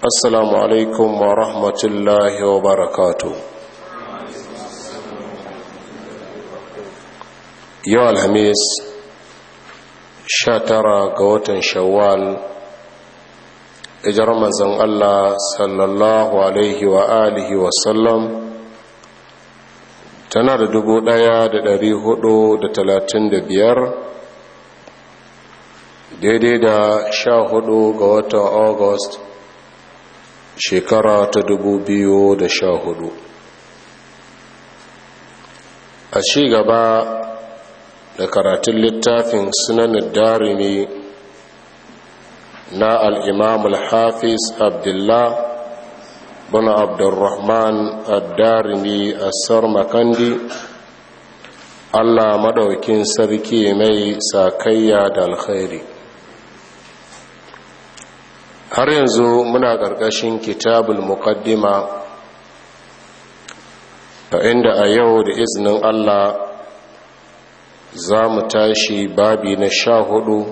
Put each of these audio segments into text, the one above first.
assalamu alaikum wa rahmatullahi wa barakatu yau alhamis sha tara ga watan shawwal ijar mazan allah sallallahu alaihi wa alihi tana da dubu ɗaya da dari hudu da talatin da biyar daidai da sha hudu ga watan august shekara ta dubu biyu da sha hudu. a ci gaba da karatun littafin sunanin darini na al'imam al-hafiz abdullah bin abdurrahman ad darini a sarmakandi allah madaukin sarki mai sakayya da alkhairi har yanzu muna ƙarƙashin kitabul muqaddima a inda a yau da izinin allah za mu tashi babi na sha hudu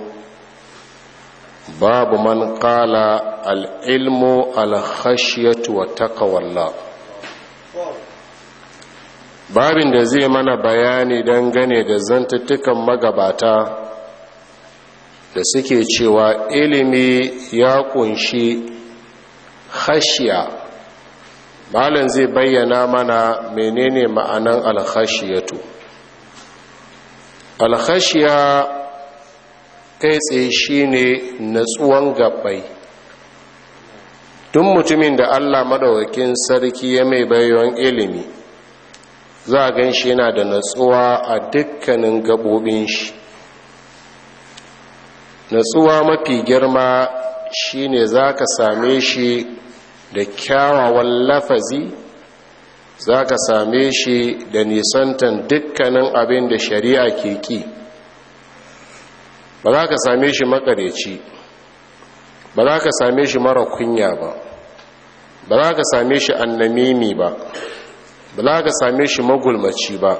babu man ƙala al'ilmu alhashiyatu wa takawalla babin da zai mana bayani dangane da zantattukan magabata da suke cewa ilimi ya kunshi khashiya malam zai bayyana mana menene ma'anan alkhashiyatu Alhashiya kai tsaye shine natsuwan gabbai duk mutumin da allah madawakin sarki ya mai bayon ilimi za a gan shi yana da natsuwa a dukkanin gabobin shi natsuwa mafi girma shine za ka same shi da kyawawan lafazi za ka same shi da nisantan dukkanin abin da shari'a ke ki ba za ka same shi makareci ba za ka same shi mara kunya ba ba za ka same shi annamimi ba ba za ka same shi magulmaci ba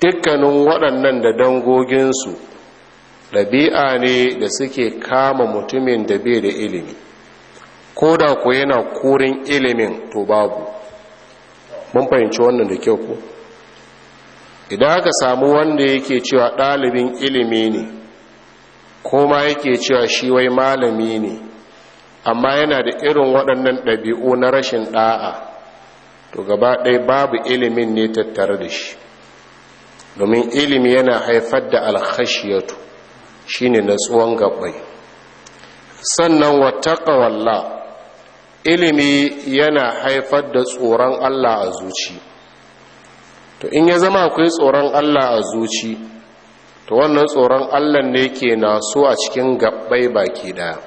dukkanin waɗannan da dangoginsu ɗabi'a ne da suke kama mutumin da bai da ilimi ko da ku yana kurin ilimin to babu mun fahimci wannan da kyau ku idan aka samu wanda yake cewa ɗalibin ilimi ne ko ma yake cewa shi wai malami ne amma yana da irin waɗannan ɗabi'u na rashin ɗa'a to gaba ɗaya babu ilimin ne tattare da shi domin ilimi yana haifar da alkhashiyatu Shi na natsuwan gabai sannan wattaqawalla ilimi yana haifar da tsoron Allah a zuci to in ya zama akwai tsoron Allah a zuci to wannan tsoron Allah ne ke naso a cikin gabbai baki daya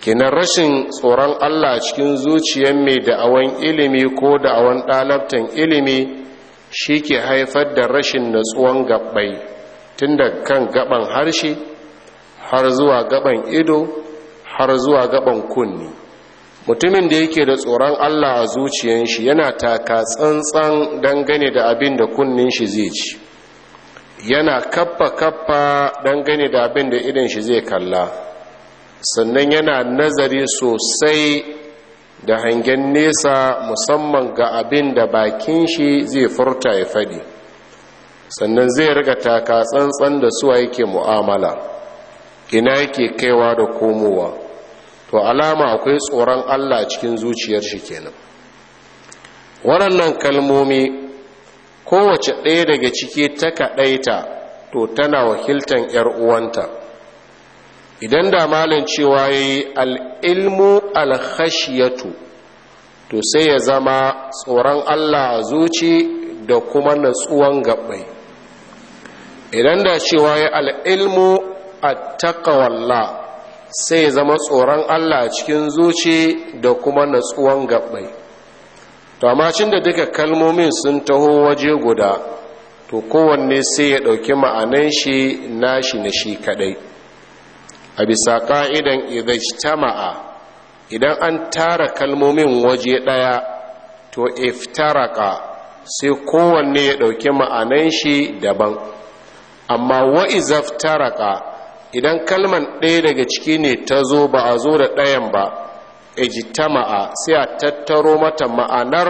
Kina rashin tsoron Allah a cikin zuciyar mai da'awan ilimi ko da da'awan ɗalabtan ilimi shi ke haifar da rashin natsuwan gabai tun da kan gaban harshe har zuwa gaban ido har zuwa gaban kunni mutumin da yake da tsoron allah a zuciyan shi yana taka tsantsan dangane da abin da kunnin shi zai ci yana kappa kappa dangane da abin da idan shi zai kalla sannan yana nazari sosai da hangen nesa musamman ga abin da bakin shi zai furta ya faɗi sannan zai riga taka tsantsan da suwa yake mu'amala ina yake kaiwa da komowa to alama akwai tsoron allah cikin zuciyar shi kenan waɗannan kalmomi kowace ɗaya daga ciki ta kaɗaita to tana wakiltan ‘yar uwanta idan da malin cewa ya yi al'ilmu alhashiyatu to sai ya zama tsoron allah a zuci da kuma natsuwan gaɓai idan da cewa ya al'ilmu a takawalla sai ya zama tsoron Allah cikin zuci da kuma natsuwan gabbai cin da duka kalmomin sun taho waje guda to kowanne sai ya ɗauki ma'anan shi nashi na shi kaɗai a bisa ƙa'idan ma'a idan an tara kalmomin waje ɗaya to iftaraka sai kowanne ya ɗauki ma'anan shi daban amma wa'izaf taraka idan kalman ɗaya daga ciki ne ta zo ba a zo da ɗayan ba ji ta ma'a, sai a tattaro mata ma'anar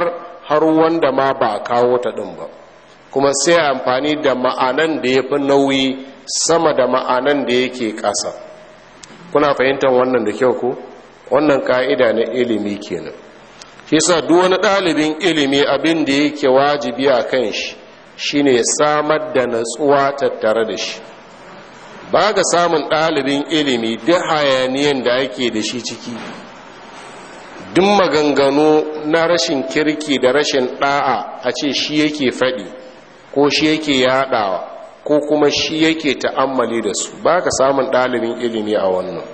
har wanda ma ba a kawo ta ɗin ba kuma sai amfani da ma'anan da ya fi nauyi sama da ma'anan da yake ƙasa kuna fahimtar wannan da kyau ko wannan ka'ida na ilimi kenan shi sa duk wani ɗalibin ilimi abin da yake wajibi a kan shi Shi shine samar da natsuwa tattare da shi ba ga samun ɗalibin ilimi duk hayaniyan da ake da shi ciki duk maganganu na rashin kirki da rashin ɗa'a a ce shi yake faɗi ko shi yake yaɗawa ko kuma shi yake ta'ammali da su ba ka samun ɗalibin ilimi a wannan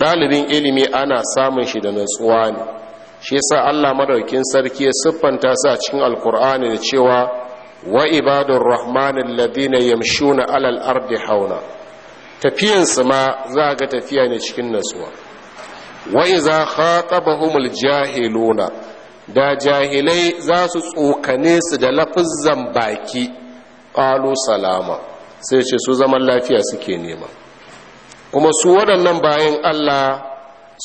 ɗalibin ilimi ana samun shi da natsuwa ne shi yasa allah madaukin sarki ya siffanta su a cikin alkur'ani da cewa wa ibadun rahmanin ladina yamshuna alal ardi hauna tafiyansu ma za ga tafiya ne cikin nasuwa wa iza khatabahumul jahiluna da jahilai za su tsokane su da lafizan baki qalu salama sai ce su zaman lafiya suke nema kuma su waɗannan bayan Allah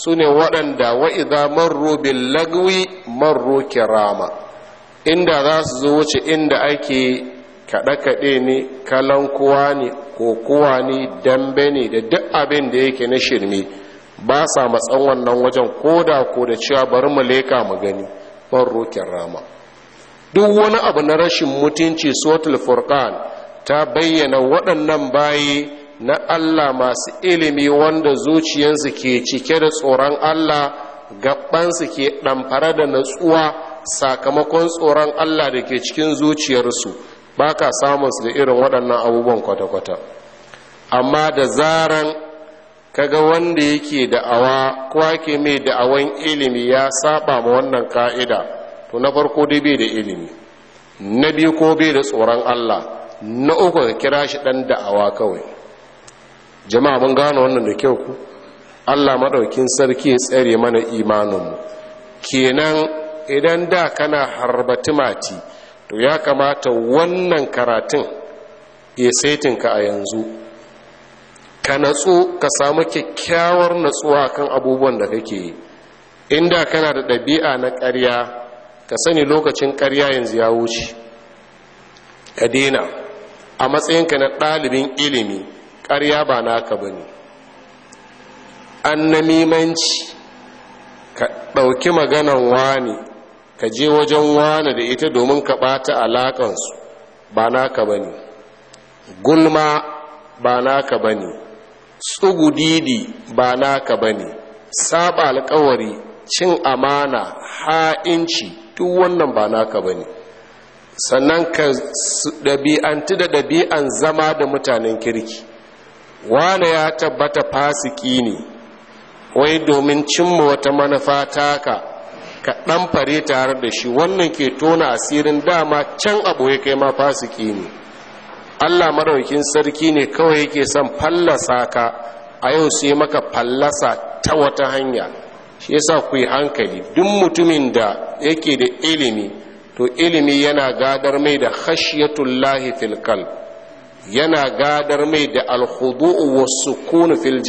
su ne waɗanda wa man marro bil lagwi marro kirama inda za su zo wuce inda ake kaɗe-kaɗe ne kalankuwa ne kokowa ne dambe ne da duk abin da yake na shirme ba sa matsan wannan wajen ko da ko da cewa bari mu leka mu gani ban rokin rama duk wani abu na rashin mutunci sotul Furkan ta bayyana waɗannan bayi na Allah masu ilimi wanda zuciyarsu ke cike da tsoron Allah gabansu ke ɗamfara da natsuwa sakamakon tsoron Allah da ke cikin zuciyarsu ba ka samun su da irin waɗannan abubuwan kwata-kwata amma da zaran kaga wanda yake da'awa kowa ke mai da'awan ilimi ya saba ma wannan ka'ida to na farko dai bai da ilimi na biyu ko bai da tsoron Allah na uku ka kira shi ɗan da'awa kawai jama'a mun gano wannan da kyau ku Allah maɗaukin sarki ya tsare mana imaninmu kenan idan da kana harbati mati to ya kamata wannan karatun ya saitinka a yanzu ka natsu ka samu kyakkyawar natsuwa kan abubuwan da kake yi inda kana da ɗabi'a na ƙarya ka sani lokacin ƙarya yanzu ya wuce ka daina a matsayinka na ɗalibin ilimi ƙarya ba naka ba ne an namimanci ka ɗauki maganan wani ka je wajen wane da ita domin ka ɓata alaƙansu ba naka ba ne gulma ba naka ba ne tsugudidi ba naka ba ne saba alkawari cin amana ha'inci duk wannan ba naka ba ne sannan ka ɗabi'anti da ɗabi'an zama da mutanen kirki wane ya tabbata fasiki ne wai domin cimma wata manufa taka ka ɗan fare tare da shi wannan ke tona asirin dama can abu ya kai ma fasiki ne allah maraukin sarki ne kawai yake son fallasa ka a yau sai maka fallasa ta wata hanya shi yasa ku yi hankali duk mutumin da yake da ilimi to ilimi yana gadar mai da hashiyatun fil kal, yana gadar mai da alkhudu'u wasu sukun fil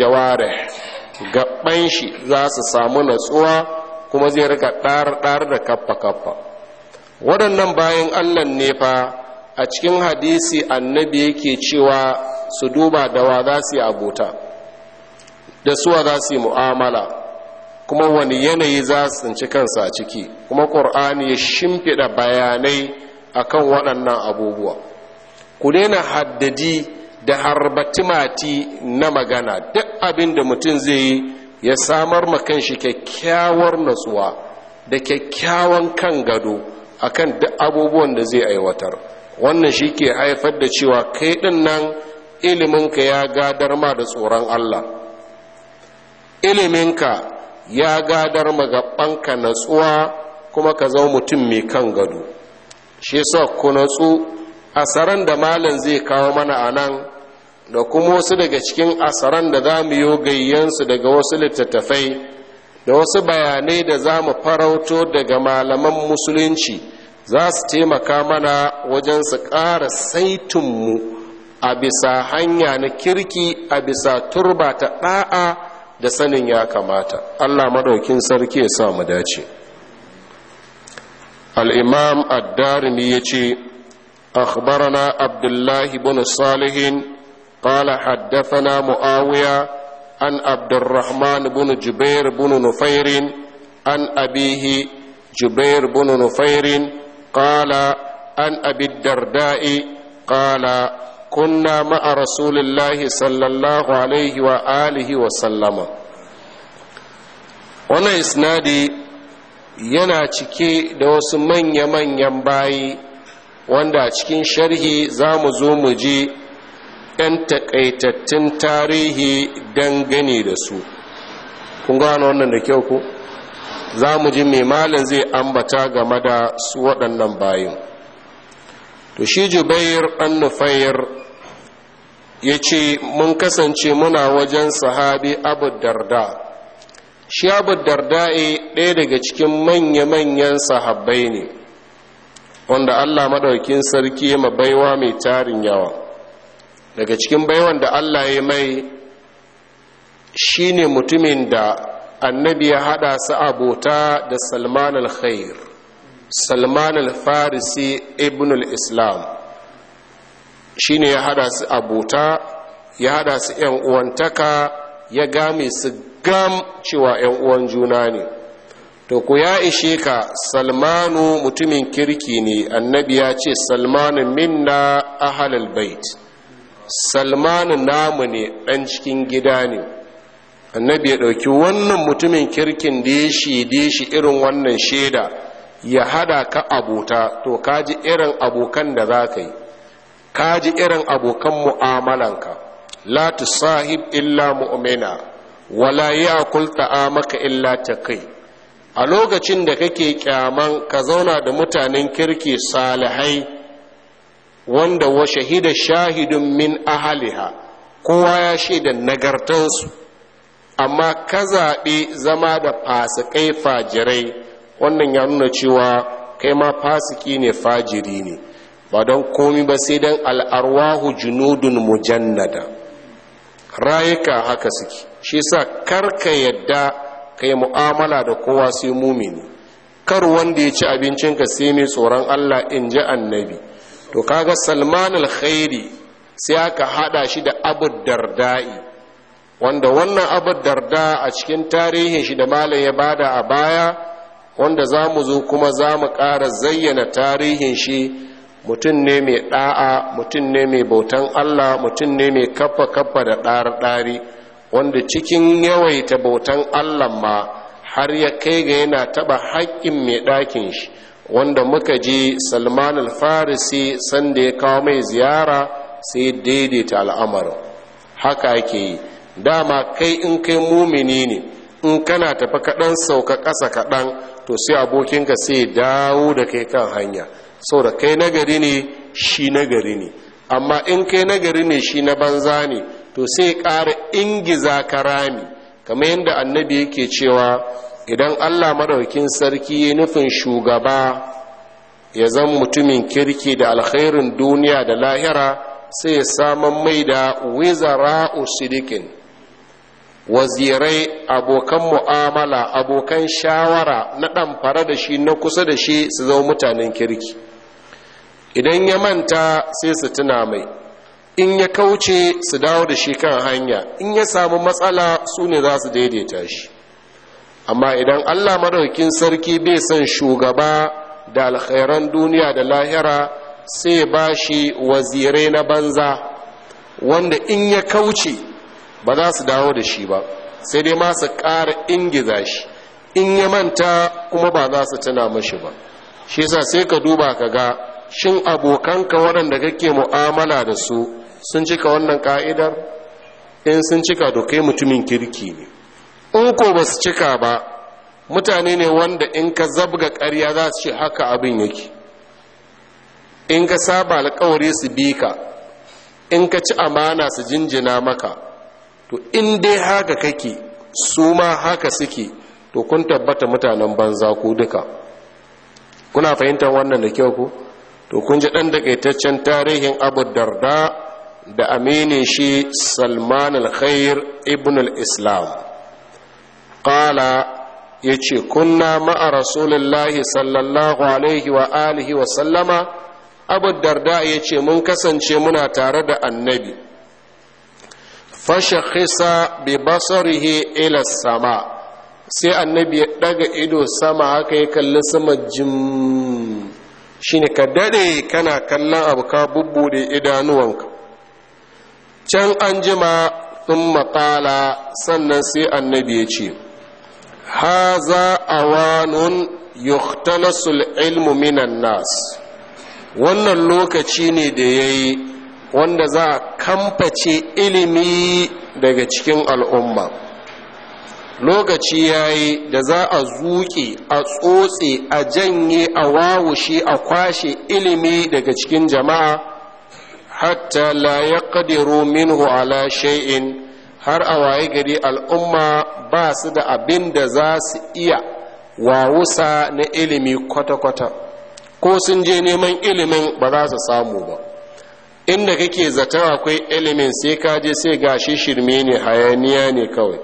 gaban shi za su samu natsuwa kuma zai rika ɗar-ɗar da kaffa-kaffa waɗannan bayan allah ne fa a cikin hadisi annabi yake cewa su duba da wa za su yi abota da suwa za su yi mu'amala kuma wani yanayi za su tsinci kansa a ciki kuma ƙur'ani ya shimfiɗa bayanai a kan waɗannan abubuwa ku daina haddadi da harbatimati na magana duk abin da mutum zai yi ya samar ma kan shi kyakkyawar natsuwa da kyakkyawan kan gado akan duk abubuwan da zai aiwatar wannan shi ke haifar da cewa kai ɗin nan iliminka ya gadar ma da tsoron Allah iliminka ya gadar banka natsuwa kuma ka zama mutum mai kan gado shi sa ku natsu a saran da malam zai kawo mana a nan da kuma wasu daga cikin asaran da za mu yi gayyansu daga wasu littattafai da wasu bayanai da za mu farauto daga malaman musulunci za su taimaka mana wajen su ƙara saitinmu a bisa hanya na kirki a bisa turba ta ɗa'a da sanin ya kamata allah maɗaukin sarki ya sa mu dace al'imam Addarini ya ce أخبرنا عبد الله بن صالح قال حدثنا معاوية عن عبد الرحمن بن جبير بن نفير عن أبيه جبير بن نفير قال عن أبي الدرداء قال كنا مع رسول الله صلى الله عليه وآله وسلم wannan isnadi yana cike da wasu manya-manyan bayi wanda cikin sharhi za mu zo mu ji Yan takaitattun tarihi dangane da su kun gano wannan da kyau ku za mu ji mai malin zai ambata game da su waɗannan bayan to shi jubair ɗan nufayar ya ce mun kasance muna wajen sahabi abu darda shi abu darda'i eh, ɗaya daga cikin manya-manyan sahabbai ne wanda allah maɗaukin sarki ma baiwa mai tarin yawa daga cikin baiwan da Allah ya mai ne mutumin da annabi ya hada su abota da Salman al-Khair Salman al-Farisi ibn al-Islam ne ya hada su abota ya hada su yan uwantaka ya game su gam cewa yan uwan juna ne to ku ya ishe ka Salmanu mutumin kirki ne annabi ya ce Salmanu minna ahlal bait salmanu namu ne ɗan cikin gida ne annabi ya ɗauki wannan mutumin kirkin da ya shide shi irin wannan shaida ya hada ka abuta to kaji irin abokan da za ka yi kaji irin abokan mu'amalanka la sahib illa mu'mina wala ya'kul maka illa ta kai. a lokacin da kake kyaman ka zauna da mutanen kirki salihai wanda wa shahida shahidun min ahaliha kowa ya shaida nagartansu amma ka zaɓi zama da fasikai fajirai wannan ya nuna cewa kai ma fasiki ne fajiri ne ba don komi ba sai don al'arwahu junudun mujannada rayuka haka suke shi sa karka yadda kai mu'amala da kowa sai mumini kar wanda ya ci abincinka sai mai tsoron allah in ji annabi to kaga salman alkhairi sai aka hada shi da abu darda'i wanda wannan abu darda a cikin tarihin shi da malam ya bada a baya wanda za mu zo kuma za mu ƙara zayyana tarihin shi mutum ne mai ɗa'a mutum ne mai bautan allah mutum ne mai kafa kafa da ɗari-ɗari wanda cikin yawaita bautan allah ma har ya kai ga yana taɓa haƙƙin mai ɗakin shi wanda muka ji salman al-farisi sanda ya kawo mai ziyara sai daidaita al'amarin haka ake yi dama kai in kai mumini ne in kana tafi kaɗan sauka ƙasa kaɗan to sai abokinka sai dawo da kai kan hanya Sau da kai nagari ne shi nagari ne amma in kai nagari ne shi na banza ne to sai ƙara ingiza ka rami kamar yadda annabi yake cewa idan allah maɗaukin sarki ya nufin shugaba ya zan mutumin kirki da alkhairin duniya da lahira sai ya saman mai da wizara sidikin wazirai abokan mu'amala abokan shawara na ɗamfara da shi na kusa da shi su zo mutanen kirki idan ya manta sai su tuna mai in ya kauce su dawo da shi kan hanya in ya samu matsala su ne za su daidaita shi amma idan allah madaukin sarki bai son shugaba da alkhairan duniya da lahira sai ba shi wazirai na banza wanda in ya kauce ba za su dawo da shi ba sai dai ma su ƙara ingiza shi in ya manta kuma ba za su tuna mashi ba shi sa sai ka duba ka ga shin abokanka waɗanda kake mu'amala da su sun cika wannan ka'idar in sun cika dokai mutumin kirki ne in ko ba su cika ba mutane ne wanda in ka zabga karya za su ce haka abin yake in ka saba alkawari su bi ka in ka ci amana su jinjina maka to in dai haka kake su ma haka suke to kun tabbata mutanen banza ku duka kuna fahimtar wannan da kyau ku to kun ji ɗan daƙaitaccen tarihin abu darda da aminin shi salman al-khair ibn al-islam qala yace kunna ma'a rasulillahi sallallahu alaihi wa wa sallama abu darda yace mun kasance muna tare da annabi fashakhisa bi basarihi ila sama' sai annabi ya daga ido sama haka ya kalli sama jim shine ka daɗe kana kallon abu ka bubbude idanuwanka can anjima jima sun maƙala sannan sai annabi ya ce haza awanun yuhtalasul ilmu minan nas wannan lokaci ne da ya yi wanda za a kamface ilimi daga cikin al'umma lokaci ya yi da za a zuƙi a tsotse a janye a wawushe a kwashe ilimi daga cikin jama'a hatta la ya minhu ala shay'in har a waye gari al'umma ba su da abin da za su iya wusa na ilimi kwata-kwata ko sun je neman ilimin ba za su samu ba inda kake zata akwai ilimin sai ka je sai gashi shirme ne hayaniya ne kawai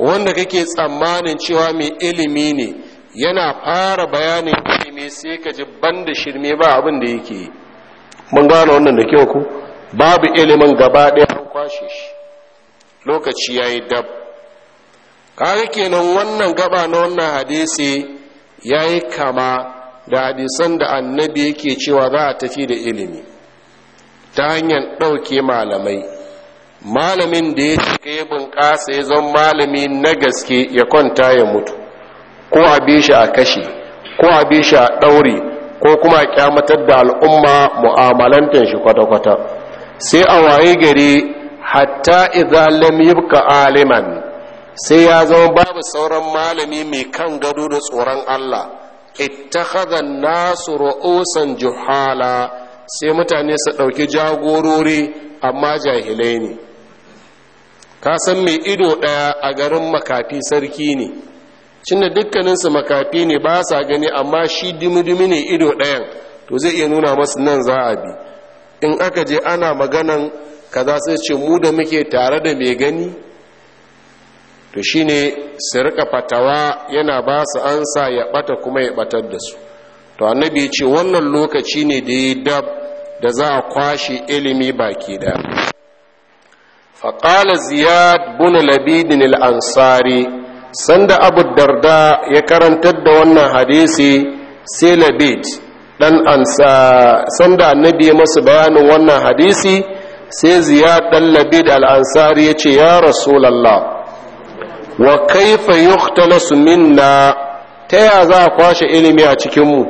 wanda kake tsammanin cewa mai ilimi ne yana fara bayanin ilimi sai ka ji banda shirme ba abin da yake yi mun gane wannan da kyau ku babu ilimin gaba ɗaya an kwashe shi lokaci ya yi dab kaga kenan wannan gaba na wannan hadisi ya yi kama da hadisan da annabi yake cewa za a tafi da ilimi ta hanyar ɗauke malamai malamin da ya cika ya bunƙasa ya zama malami na gaske ya kwanta ya mutu ko a bi shi a kashe ko a bi shi a ɗauri, ko kuma a kyamatar da al'umma mu'amalantar shi kwata-kwata sai a waye gari hatta idan lam yibqa aliman sai ya zama babu sauran malami mai kan gado da tsoron Allah ittakhadha nasu ru'usan juhala sai mutane su ɗauki jagorori amma jahilai ne ka san mai ido ɗaya a garin makafi sarki ne cinda dukkaninsu makafi ne ba sa gani amma shi dimidimi ne ido ɗayan to zai iya nuna masu nan za a bi in aka je ana maganan kaza sai ce mu da muke tare da mai gani to shine su rika fatawa yana ba su ansa ya bata kuma ya batar da su to annabi ce wannan lokaci ne da ya dab da za a kwashe ilimi baki da faƙala ziyad buna labidin al'ansari sanda abu darda ya karantar da wannan hadisi sai labid ɗan ansa sanda annabi ya masu bayanin wannan hadisi sai ziyar dan labid al'ansari ya ce ya rasulallah wa kaifa yuhtalasu minna ta ya za a kwashe ilimi a cikinmu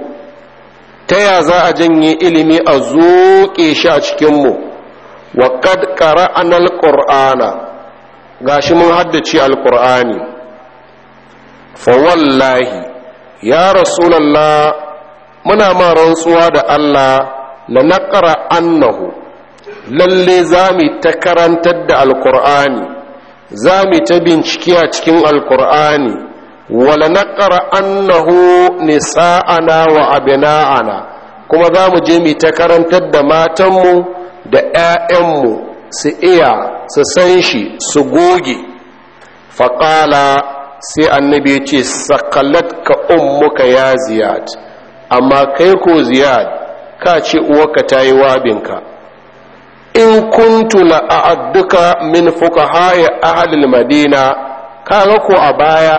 ta ya za a janye ilimi a zoƙe shi a cikinmu wa kad qara'anal qur'ana gashi mun haddace Alƙur'ani. fa wallahi ya rasulallah muna ma rantsuwa da Allah la naqra annahu lalle za mu ta karantar da alkur'ani za mu ta bincike a cikin alkur'ani wala naqara annahu nisa'ana wa abna'ana kuma za mu je mu ta karantar da matanmu da 'ya'yanmu su iya su san shi su goge faƙala sai annabi ya ce sakalat ka ummuka ya ziyad amma kai ko ziyad ka ce uwarka ta yi wabinka in kuntu la a'adduka min fuqaha'i ahlil madina kaga ko a baya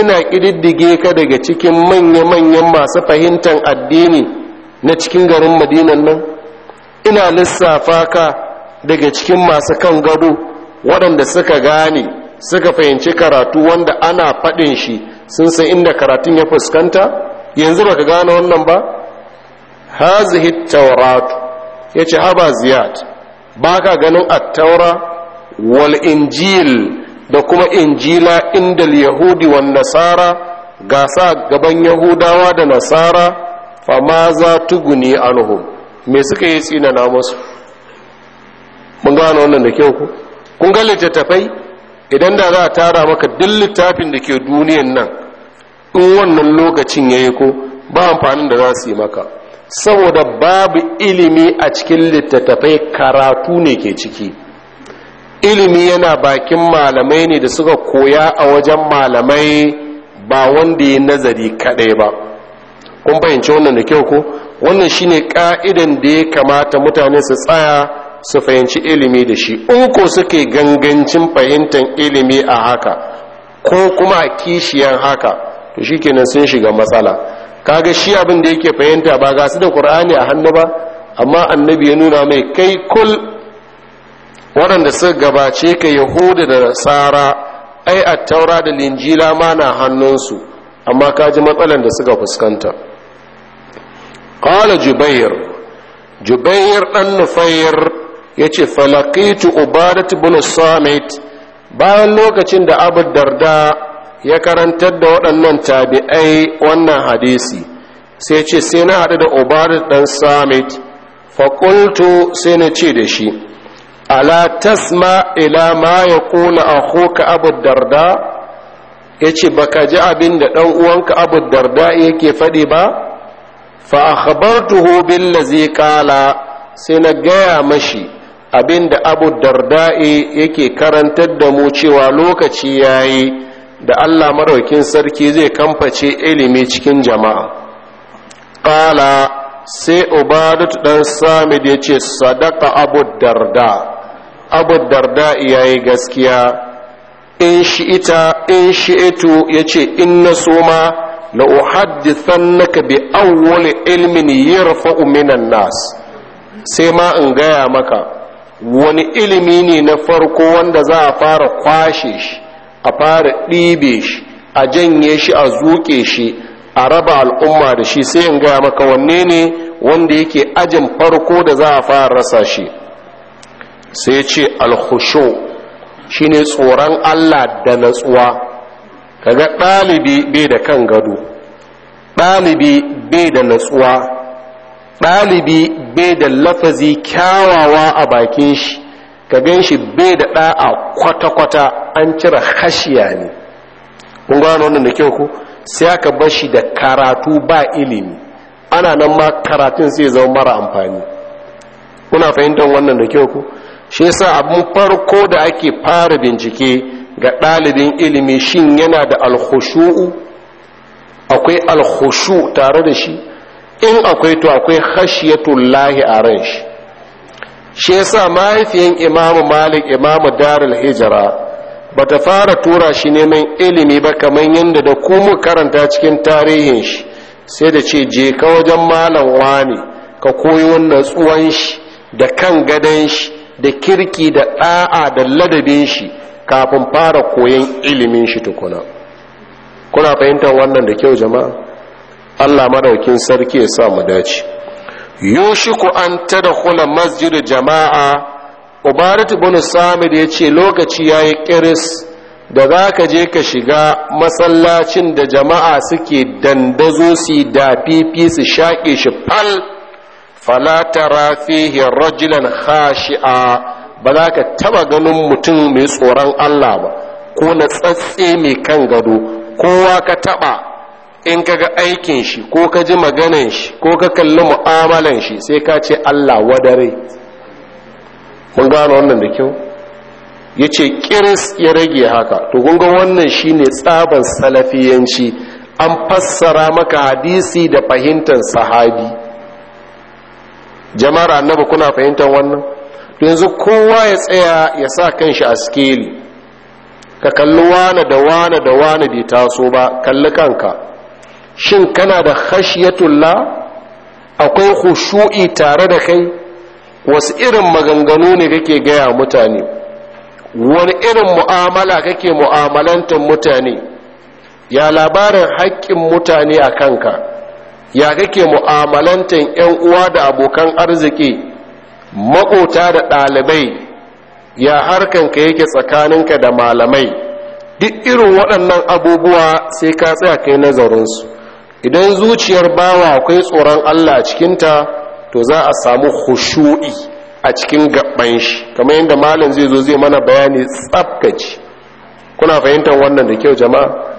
ina kididdige ka daga cikin manya manyan masu fahimtar addini na cikin garin madinan nan ina lissafa ka daga cikin masu kan gado waɗanda suka gane suka fahimci karatu wanda ana faɗin shi sun san inda karatun ya fuskanta yanzu baka gane wannan ba hazihi tawratu yace haba ziyad ba ka ganin attaura wal injil da kuma injila inda yahudi wa nasara ga sa gaban yahudawa da nasara fama za tuguni anhum me suka yi tsinana musu mun gano wannan da kyau ku kun ga littattafai idan da za a tara maka duk littafin da ke duniyan nan in wannan lokacin yayi ko ba amfanin da za su yi maka saboda babu ilimi a cikin littattafai karatu ne ke ciki ilimi yana bakin malamai ne da suka koya a wajen malamai ba wanda ya nazari kadai ba kun fahimci wannan da kyau ko wannan shine ka'idan da ya kamata mutane su tsaya su fahimci ilimi da shi in ko suke gangancin fahimtar ilimi a haka ko kuma a kishiyan haka to shikenan sun shiga matsala kaga shi abin da yake fahimta ba ga su da qur'ani a hannu ba amma annabi ya nuna mai kai kul waɗanda suka gabace ka yahuda da tsara ai a taura da linjila ma na hannunsu amma ka ji matsalan da suka fuskanta qala jubair jubair dan nufair yace falaqitu ubadat bin samit bayan lokacin da abu darda ya karantar da waɗannan tabi'ai wannan hadisi sai ce sai na haɗu da obar ɗan samit faƙultu sai na ce da shi ala tasma ila ma ya ƙuna a hoka abu darda ya ce ba ka ji abin da ɗan uwanka abu darda yake faɗi ba fa a Bello zai ƙala. sai na gaya mashi abin da abu darda'i yake karantar da mu cewa lokaci ya yi da Allah maraukin sarki zai kamface ilimi cikin jama'a ƙala sai ubadatu ɗan samid ya ce sadaka abu darda abu darda ya yi gaskiya in shi ita in shi ito ya ce in na so ma la'uhaddithannaka bi awwali ilmin yarfa'u minan nas sai ma in gaya maka wani ilimi ne na farko wanda za a fara kwashe shi a fara ɗibe shi a janye shi a zuƙe shi a raba al'umma da shi sai in gaya maka wanne ne wanda yake ajin farko da za a fara rasa shi sai ce alhusho shi ne tsoron allah da natsuwa kaga ɗalibi bai da kan gado ɗalibi bai da natsuwa ɗalibi bai da lafazi kyawawa a bakin shi ka gan shi bai da ɗa'a kwata-kwata an cire hashiya ne kun gano wannan da kyau ku sai aka bar shi da karatu ba ilimi ana nan ma karatun sai zama mara amfani kuna fahimtar wannan da kyau ku shi yasa abin farko da ake fara bincike ga ɗalibin ilimi shin yana da alhushu'u akwai alhushu tare da shi in akwai to akwai tullahi a ran shi shi yasa mahaifiyan imamu malik imamu darul hijira ba ta fara tura shi neman ilimi ba kamar yadda da kuma karanta cikin tarihin shi sai da ce je ka wajen malam wani ka koyi wannan tsuwan shi da kan gadon shi da kirki da ɗa'a da ladabin shi kafin fara koyan ilimin shi tukuna kuna fahimtar wannan da kyau jama'a allah madaukin sarki ya sa mu dace yushiku an tadkhula masjid jama'a ubarat ibn samid yace lokaci yayi kiris da zaka je ka shiga masallacin da jama'a suke dandazo su da fifi su shake shi fal fala tara fihi rajulan khashi'a ba za ka taba ganin mutum mai tsoron Allah ba ko na tsatse mai kan gado kowa ka taba in ka ga aikin shi ko ka ji maganan shi ko ka kalli mu'amalan shi sai ka ce allah wadare mun gano wannan da kyau ya ce kiris ya rage haka to ga wannan ne tsaban salafiyanci an fassara maka hadisi da fahimtar sahabi jama'ar annaba kuna fahimtar wannan yanzu kowa ya tsaya ya sa kanshi a skeli ka kalli wane da wane da wane bai taso ba kalli kanka shin kana da khashiyatullah akwai khushu'i tare da kai wasu irin maganganu ne kake gaya mutane wani irin mu'amala kake mu'amalantar mutane ya labarin haƙƙin mutane a kanka ya kake mu'amalantar 'yan uwa da abokan arziki maƙota da ɗalibai ya harkanka yake tsakaninka da malamai duk irin waɗannan abubuwa sai ka tsaya kai nazarinsu idan zuciyar bawa akwai tsoron Allah a cikinta to za a samu khushu'i a cikin gaban shi kamar yadda malam zai zo zai mana bayani tsafkaci kuna fahimtar wannan da kyau jama'a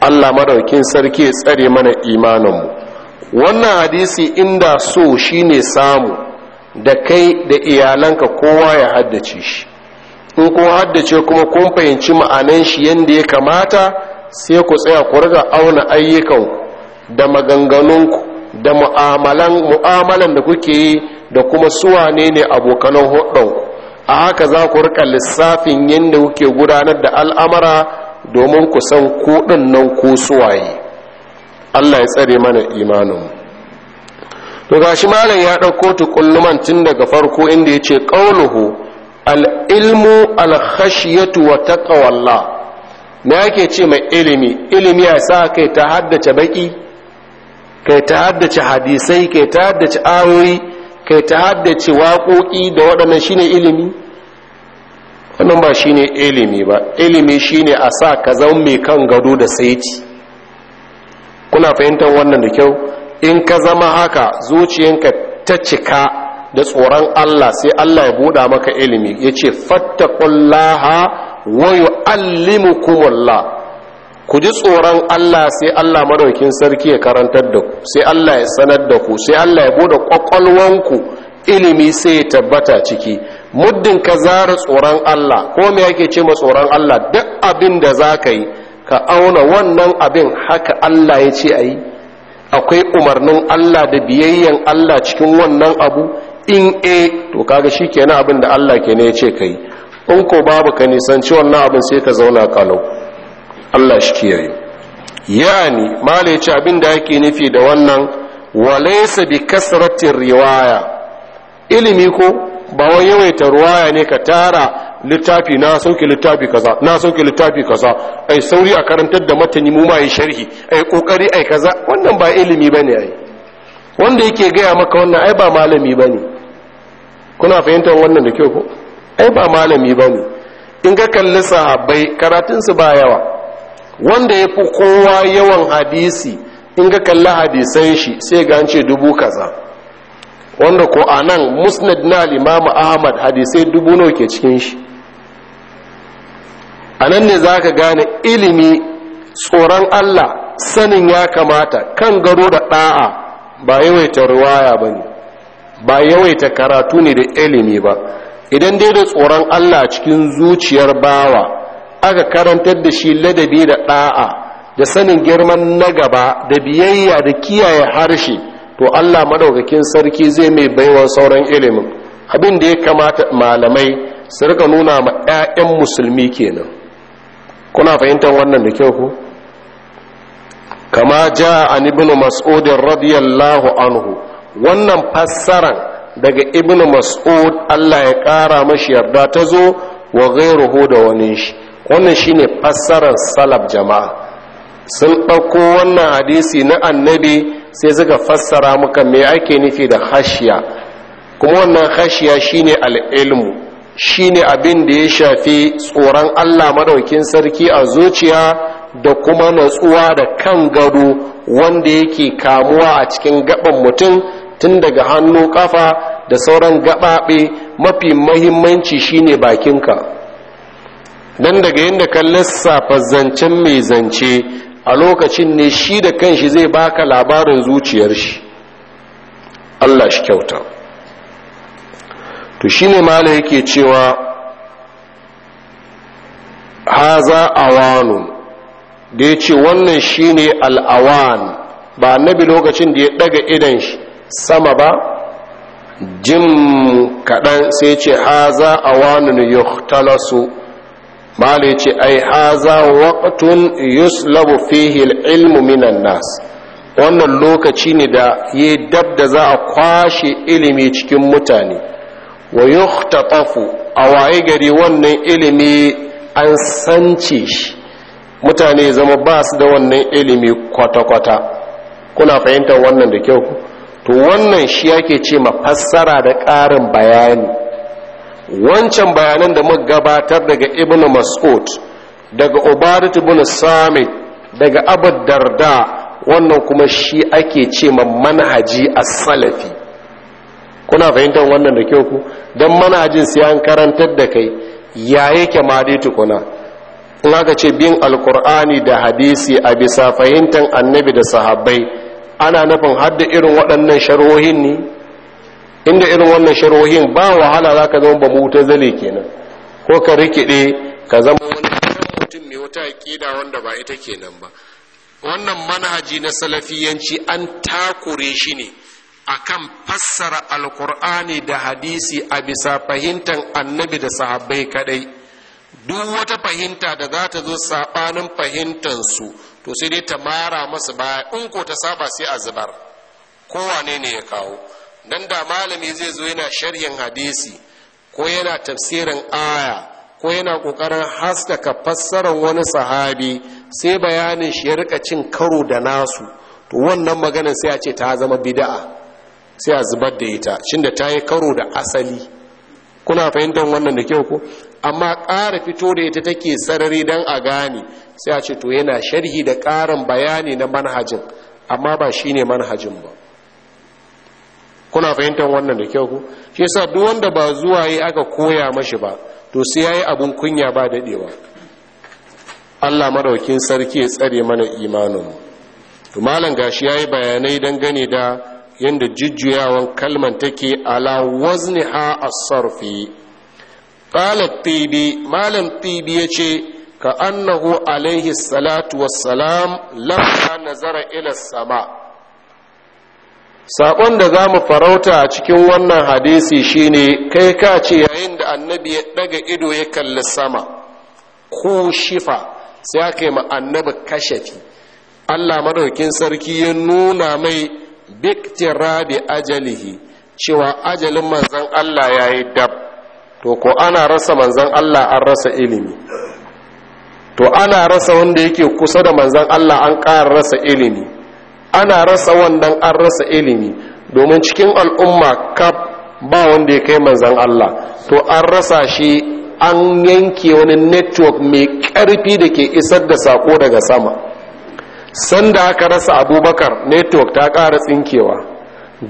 Allah madaukin sarki ya tsare mana imaninmu wannan hadisi inda so shine samu da kai da iyalanka kowa ya haddace shi in ko haddace kuma kun fahimci ma'anan shi yadda ya kamata sai ku tsaya ku riga auna ayyukanku da maganganunku da mu'amalan da kuke yi da kuma suwane ne abokanan hudanku a haka za ku rika lissafin yadda kuke gudanar da al'amara domin ku san kuɗin nan ko suwaye allah ya tsare mana imanin to gashi malam ya ɗauko tukulluman tun daga farko inda ya ce ƙaunuhu al'ilmu alhashiyatu wa taƙawalla na yake ce mai ilimi ilimi ya sa kai ta haddace baƙi kai ta haddace hadisai kai ta haddace ayoyi kai ta haddace waƙoƙi da waɗannan shine ilimi wannan ba shine ilimi ba ilimi shine a sa ka zama mai kan gado da saiti kuna fahimtar wannan da kyau in ka zama haka zuciyanka ta cika da tsoron Allah sai Allah ya buɗa maka ilimi yace fattaqullaha wa yu'allimukumullah ku ji tsoron Allah sai Allah madaukin sarki ya karantar da ku sai Allah ya sanar da ku sai Allah ya bude kwakwalwanku ilimi sai ya tabbata ciki muddin ka zara tsoron Allah ko me yake ce ma tsoron Allah duk abin da za ka yi ka auna wannan abin haka Allah ya ce a yi akwai umarnin Allah da biyayyen Allah cikin wannan abu in e to kaga shi kenan abin da Allah ke ne ya ce ka yi in ko babu ka nisanci wannan abin sai ka zauna kalau Allah shi kiyaye yani mala yace abin da yake nufi da wannan walaysa bi kasratir riwaya ilimi ko ba wai yawaita riwaya ne ka tara littafi na sauke littafi kaza na sauke littafi kaza ai sauri a karantar da matani mu ma yi sharhi ai kokari ai kaza wannan ba ilimi bane ai wanda yake gaya maka wannan ai ba malami bane kuna fahimtar wannan da kyau ko ai ba malami bane in ga kalli sahabbai su ba yawa wanda ya fi kowa yawan hadisi in ga kalli hadisan shi sai ga ce dubu kaza wanda ko a nan musnad na limamu ahmad hadisai dubu nawa ke cikin shi a nan ne za ka gane ilimi tsoron allah sanin ya kamata kan gado da ɗa'a ba yawaita ruwaya ba ne ba yawaita karatu ne da ilimi ba idan dai da tsoron allah cikin zuciyar bawa aka karantar da shi ladabi da ɗa'a da sanin girman na gaba da biyayya da kiyaye harshe to allah madaukakin sarki zai mai baiwa sauran ilimin abin da ya kamata malamai su rika nuna ma 'ya'yan musulmi kenan kuna fahimtar wannan da kyau ku kama ja an ibnu mas'udin radiyallahu anhu wannan fassaran daga ibnu mas'ud allah ya ƙara mashi yarda ta zo wa ghayruhu da wani shi wannan shine fassarar salaf jama'a sun ɗauko wannan hadisi na annabi sai suka fassara muka me ake nufi da hashiya kuma wannan hashiya shine al'ilmu shine abin da ya shafi tsoron allah madaukin sarki a zuciya da kuma natsuwa da kan gado wanda yake kamuwa a cikin gaban mutum tun daga hannu kafa da sauran gaɓaɓe mafi mahimmanci shine bakinka dan daga yadda ka lissafa zancen mai zance a lokacin ne shi da kanshi zai baka labarin zuciyar shi Allah shi kyauta to shi ne mala yake cewa haza awanun da ya ce wannan shi ne al'awan ba nabi lokacin da ya daga idan shi sama ba jim kaɗan sai ce haza awanun yau mala ya ce ai haza waqtun yuslabu fihi ilmu minan nas wannan lokaci ne da ya dab da za a kwashe ilimi cikin mutane wa yuhtatafu a waye gari wannan ilimi an sance shi mutane zama ba su da wannan ilimi kwata-kwata kuna fahimtar wannan da kyau to wannan shi yake ce ma fassara da ƙarin bayani wancan bayanan da muka gabatar daga ibn mas'ud daga ubadat ibn samit daga abu darda wannan kuma shi ake ce ma manhaji as-salafi kuna fahimtar wannan da kyau ku dan manhajin sai an karantar da kai ya yake ma dai tukuna in aka ce bin alkur'ani da hadisi a bisa fahimtar annabi da sahabbai ana nufin hadda irin waɗannan sharhohin ne inda irin wannan sharhohin ba wahala za ka zama ba mutar zale kenan ko ka rikide ka zama mutum mai wata aƙida wanda ba ita kenan ba wannan manhaji na salafiyanci an takure shi ne akan fassara alkur'ani da hadisi a bisa fahimtar annabi da sahabbai kadai duk wata fahimta da za ta zo sabanin fahimtansu to sai dai ta mara masu baya in ko ta saba sai a zubar kowane ne ya kawo dan da malami zai zo yana sharhin hadisi ko yana tafsirin aya ko yana kokarin haskaka fassarar wani sahabi sai bayanin shi ya rika cin karo da nasu to wannan maganar sai a ce ta zama bid'a sai a zubar da ita shinda ta yi karo da asali kuna fahimtar wannan da kyau ko amma ƙara fito da ita take sarari don a gane sai a ce to yana sharhi da ƙarin bayani na manhajin amma ba shine manhajin ba kuna fahimtar wannan da kyau ku shi yasa duk wanda ba zuwa yi aka koya mashi ba to sai yayi abun kunya ba dadewa Allah madaukin sarki ya tsare mana imanin to malam gashi yayi bayanai dangane da yanda jujjuyawan kalman take ala wazniha as-sarfi qala tibi malam tibi yace ka annahu alaihi salatu wassalam lam nazara ila sama' saƙon da za mu farauta a cikin wannan hadisi shine kai ka ce yayin da annabi ya daga ido ya kalli sama ko shifa sai aka yi annabi kashafi allah madaukin sarki ya nuna mai biktira Rabi ajalihi cewa ajalin manzan allah ya yi dab to ko ana rasa manzan allah an rasa ilimi to ana rasa wanda yake kusa da manzan allah an ƙara rasa ilimi ana rasa wannan an rasa ilimi domin cikin al'umma kaf ba wanda ya kai manzan Allah to an rasa shi an yanke wani network mai ƙarfi da ke isar da sako daga sama sanda aka rasa abubakar network ta ƙara tsinkewa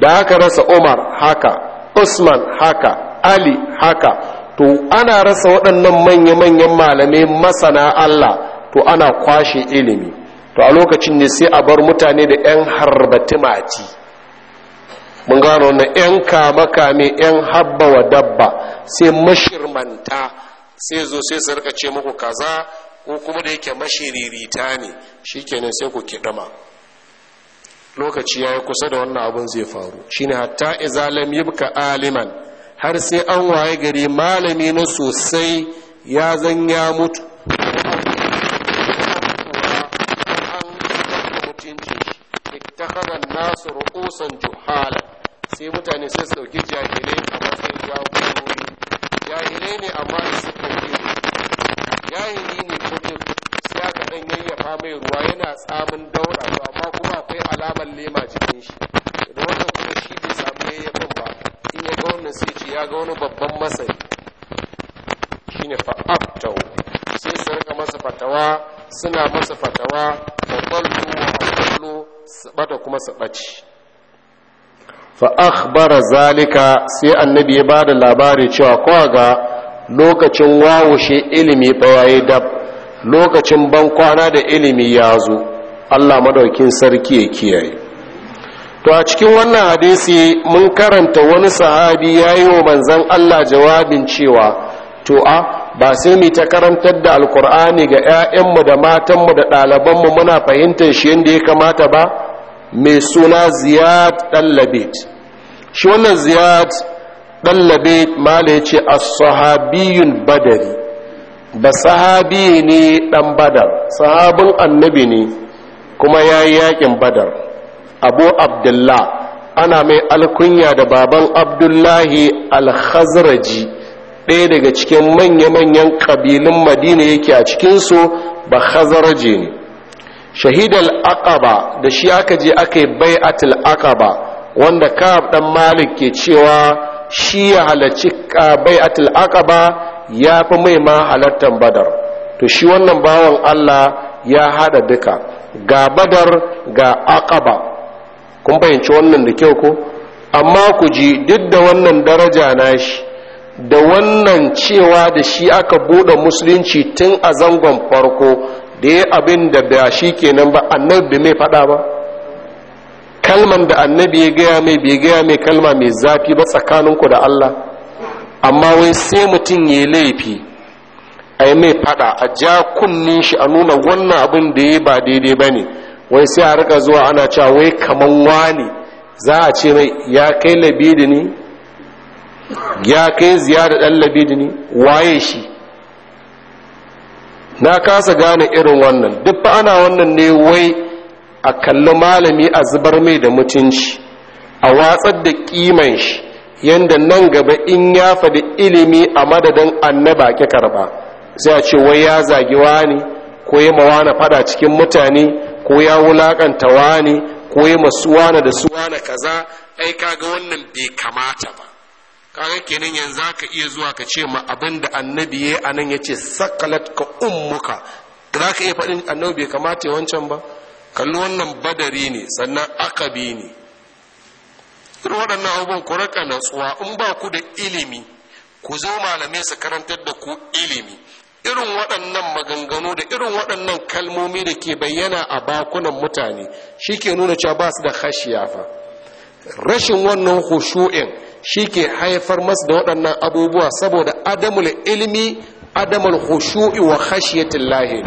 da aka rasa umar haka usman haka ali haka to ana rasa waɗannan manya-manyan malamai masana Allah to ana kwashe ilimi to a lokacin ne sai a bar mutane da 'yan harbati mati mun gano na 'yan kame-kame 'yan habba wa dabba sai mashirmanta sai zo sai su rika ce muku kaza ko kuma da yake mashiririta ne shikenan sai ku kidama lokaci ya yi kusa da wannan abin zai faru shine hatta izalam yibka aliman har sai an waye gari malami na sosai ya zan ya mutu nasu rukusan juhala sai mutane sai su dauki jahilai a matsayin jagorori jahilai ne amma da su kai jahili ne kudin sai aka dan yayyafa mai ruwa yana tsamin daura ba amma kuma akwai alamar lema cikin shi da wannan kuma shi bai samu yayyafin ba in ya ga wannan sai ya ga wani babban masani shine fa'abtau sai su rika masa fatawa suna masa fatawa da kwallo wa kwallo su bata kuma su ɓaci fa akhbara zalika sai annabi ya bada labari cewa kowa ga lokacin wawushe ilimi bawaye dab lokacin ban kwana da ilimi ya zo Allah madaukin sarki ya kiyaye to a cikin wannan hadisi mun karanta wani sahabi ya yi wa manzan Allah jawabin cewa to a ba sai mu ta karantar da alkur'ani ga 'ya'yanmu da matanmu da ɗalibanmu muna fahimtar shi yadda ya kamata ba mai suna ziyad ɗallabit shi wannan ziyad ɗallabit mala ya ce a sahabiyun badari ba sahabi ne ɗan badar sahabin annabi ne kuma ya yi yaƙin badar abu abdullah ana mai alkunya da baban abdullahi Alhazraji. ɗaya daga cikin manya-manyan ƙabilun madina yake a cikinsu ba hazaraje ne shahidal aqaba da shi aka je aka yi bai'atul aqaba wanda kab ɗan malik ke cewa shi ya halarci bai'atul aqaba ya fi mai ma halartar badar to shi wannan bawan allah ya hada duka ga badar ga aqaba kun fahimci wannan da kyau ko amma ku ji duk da wannan daraja na shi da wannan cewa da shi aka buɗe musulunci tun a zangon farko da ya abin da ba shi kenan ba annabi mai faɗa ba kalman da annabi ya gaya mai bai gaya mai kalma mai zafi ba tsakaninku da allah amma wai sai mutum ya laifi a yi mai faɗa a ja kunnin shi a nuna wannan abin da ya ba daidai ba ne wai sai a rika zuwa ana cewa wai kaman wani za a ce mai ya kai labidi ne ya kai ziyara ɗan ne waye shi na kasa gane irin wannan duk fa ana wannan ne wai a kalli malami a zubar mai da mutunci a watsar da kiman shi yadda nan gaba in ya faɗi ilimi a madadin annaba ke karba sai a ce wai ya zagi wani ko ya na fada cikin mutane ko ya wulakanta wani ko ya masu wani da su wani kaza ai kaga wannan bai kamata ba kaga kenan yanzu ka iya zuwa ka ce ma abin da annabi ya anan ya ce sakalat ka ummuka za ka iya faɗin annabi bai kamata ya wancan ba kalli wannan badari ne sannan akabi ne irin waɗannan abubuwan ku raka natsuwa in ba ku da ilimi ku zo malamai su karantar da ku ilimi irin waɗannan maganganu da irin waɗannan kalmomi da ke bayyana a bakunan mutane shi ke nuna cewa ba su da hashiya fa rashin wannan hushu'in shi ke haifar masu da waɗannan abubuwa saboda adamul ilimi, adamul hushu'i wa khashiyatin lahi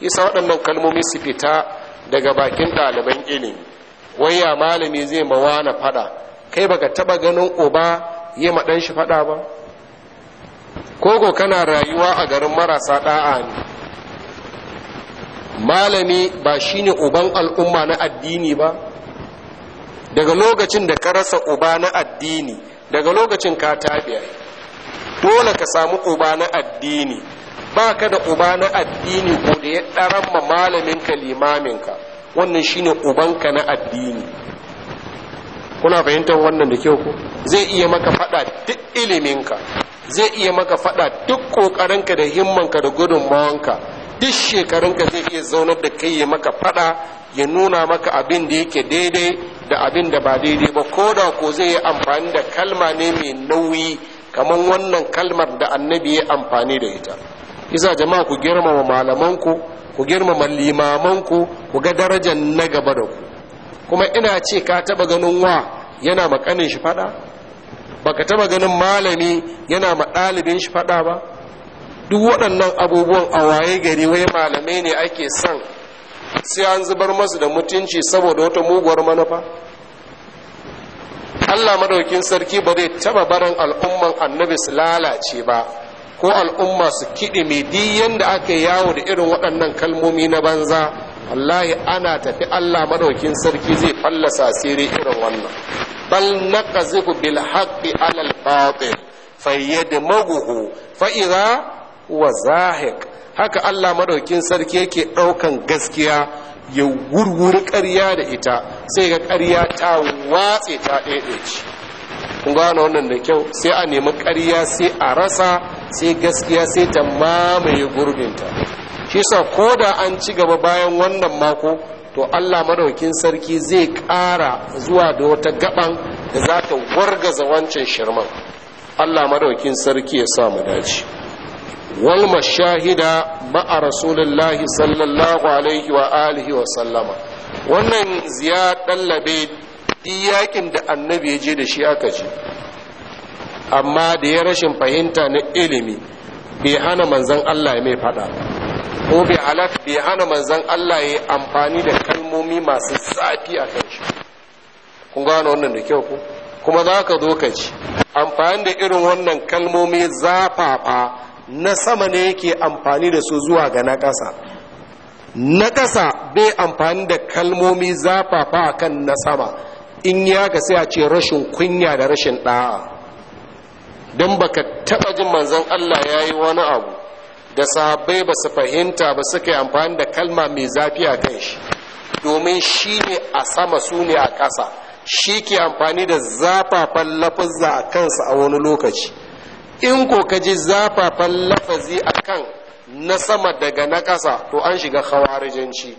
Isa waɗannan kalmomi su fita daga bakin ɗaliban ilimi Wai ya malami zai mawa na faɗa? kai baka taɓa ganin uba yi ma shi fada ba Koko kana rayuwa a garin marasa ɗa'a ne malami ba shine uban al'umma na addini ba daga lokacin da ka rasa uba na addini daga lokacin ka tabiya dole ka samu uba na addini ba ka da uba na addini ko da ya ɗaran ma limamin ka. wannan shine ubanka na addini kuna fahimtar wannan da kyau ko zai iya maka faɗa duk iliminka zai iya maka fada duk ka da himman ka da ka duk shekarun ka zai iya zaunar da kai ya maka faɗa, ya nuna maka abin da yake daidai da abin da ba daidai ba ko da ko zai yi amfani da kalma ne mai nauyi kamar wannan kalmar da annabi ya amfani da ita isa jama'a ku girmama malamanku ku girmama limamanku ku ga darajar na gaba da ku kuma ina ce ka taba ganin wa yana makanin shi fada baka taba ganin malami yana ma ɗalibin shi fada ba duk waɗannan abubuwan a waye gari wai malamai ne ake son sai an zubar masu da mutunci saboda wata muguwar manufa allah madaukin sarki ba zai taba barin al'umman annabi su lalace ba ko al'umma su kiɗi mai diyan da aka yawo da irin waɗannan kalmomi na banza wallahi ana tafi allah madaukin sarki zai fallasa siri irin wannan bal naqazibu bil haqqi alal batil fayyadmaguhu fa wa zahiq haka Allah madaukin sarki yake ɗaukan gaskiya ya wurwuri ƙarya da ita sai ga ƙarya ta watse ta ɗaya ce, kun gano wannan da kyau sai a nemi ƙarya sai a rasa sai gaskiya sai ta mamaye gurbinta shi sa ko da an ci gaba bayan wannan mako to Allah madaukin sarki zai ƙara zuwa da wata gaban da za ta wargaza wancan shirman Allah madaukin sarki ya sa mu dace Walma shahida ba'a rasulullahi sallallahu alaihi wa alihi wa sallama wannan ziyar ɗallabe yakin da annabi ya je da shi aka ce amma da ya rashin fahimta na ilimi bai hana manzan Allah ya mai fada ko bai halaka bai hana manzan Allah ya amfani da kalmomi masu safi a kan shi kun gano wannan da kyau ko kuma za ka zo ka ci amfani da irin wannan kalmomi zafafa na sama ne yake amfani da su zuwa ga na ƙasa na ƙasa bai amfani da kalmomi zafafa a kan na sama in ya ga sai a ce rashin kunya da rashin ɗa'a don baka taɓa jin manzon allah ya yi wani abu da sahabbai ba su fahimta ba suka yi amfani da kalma mai zafi a kan shi domin shi ne a sama su ne a ƙasa shi ke amfani da zafafan lafazza a kansa a wani lokaci in ko ka ji zafafan lafazi a kan na sama daga na ƙasa to an shiga khawarijanci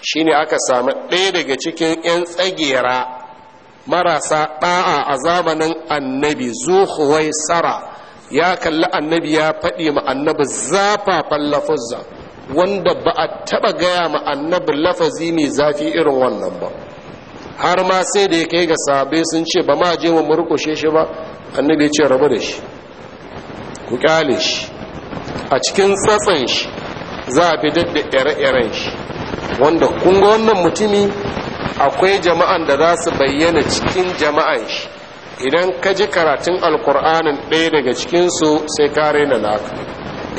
shine aka samu ɗaya daga cikin 'yan tsagera marasa ɗa'a a zamanin annabi zuhuwai sara ya kalli annabi ya faɗi ma annabi zafafan lafuzza wanda ba a taɓa gaya ma annabi lafazi mai zafi irin wannan ba har ma sai da ya kai ga sahabbai sun ce ba ma je mu murkushe shi ba annabi ya ce rabu da shi ku kyale shi a cikin tsatsan shi za a fi da ire-iren shi wanda kun ga wannan mutumi akwai jama'an da za su bayyana cikin jama'an shi idan ka ji karatun alkur'anin ɗaya daga cikinsu sai ka na naka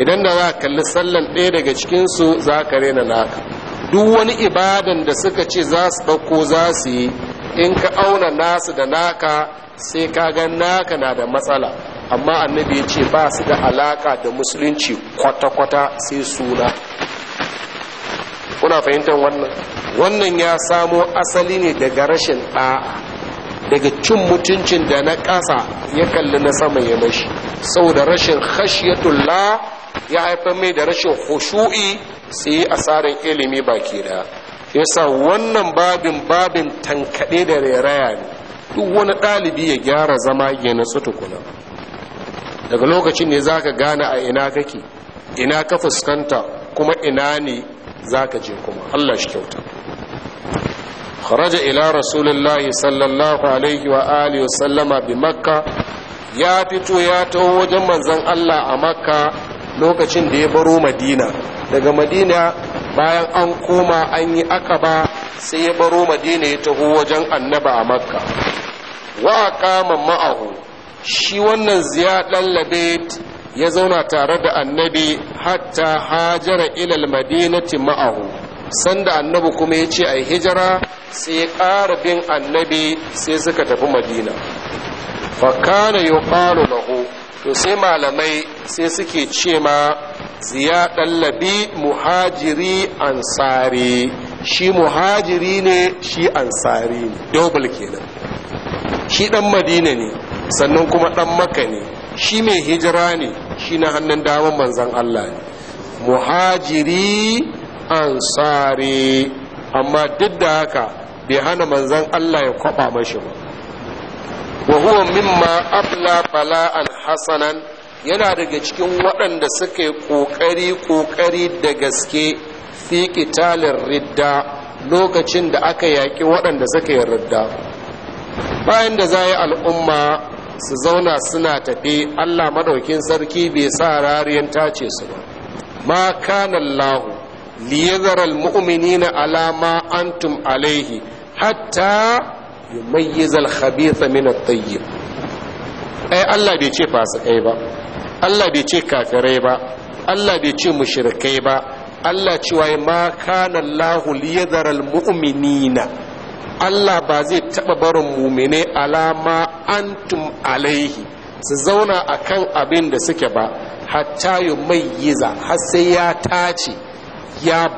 idan da za a kalli sallan ɗaya daga cikinsu za ka na naka duk wani ibadan da suka ce za su ɗauko za su yi in ka auna nasu da naka sai ka ga naka na da matsala amma annabi ya ce ba su da alaka da musulunci kwata-kwata sai suna kuna fahimtar wannan wannan ya samo asali ne daga rashin ɗa'a daga cin mutuncin da na ƙasa ya kalli na sama ya mashi saboda rashin khashiyatullah ya haifar mai da rashin hushu'i sai yi asarin ilimi baki da yasa wannan babin babin tankaɗe da reraya ne duk wani ɗalibi ya gyara zama ya nasu tukuna daga lokacin ne za ka gane a ina kake ina ka fuskanta kuma ina ne za ka je kuma allah shi kyauta خرج إلى رسول الله صلى الله عليه وآله وسلم بمكة ya fito ya taho wajen manzan Allah a makka lokacin da ya baro madina daga madina bayan an koma an yi akaba sai ya baro madina ya taho wajen annaba a makka wa kama ma'ahu shi wannan ziyadan labet ya zauna tare da annabi hatta hajara ilal madinati ma'ahu sanda annabi kuma ya ce a hijira sai ya ƙara bin annabi sai suka tafi madina fakana ya yuqalu lahu to sai malamai sai suke ce ma ziya ɗallabi muhajiri ansari shi muhajiri ne shi ansari ne double kenan shi ɗan madina ne sannan kuma ɗan maka ne shi mai hijira ne shi na hannun damar manzan Allah ne muhajiri ansari amma duk da haka bai hana manzan Allah ya kwaba mashi ba wa huwa mimma abla bala'an hasanan yana daga cikin waɗanda suka yi ƙoƙari ƙoƙari da gaske fi ƙitalin ridda lokacin da aka yaƙi waɗanda suka yi ridda bayan da za yi al'umma su zauna suna tafi allah maɗaukin sarki bai sa rariyan tace su ba ma kanan lahu liyazar al na alama antum alaihi hatta yi al-khabitha min tayyib ai Allah bai ce fasikai ba Allah bai ce kafirai ba Allah bai ce mushrikai ba Allah cewa ma kana Allahu liyadharal mu'minina Allah ba zai taɓa barin mumine alama antum alaihi su zauna a kan abin da suke ba hatta yi mai yiza har sai ya tace ya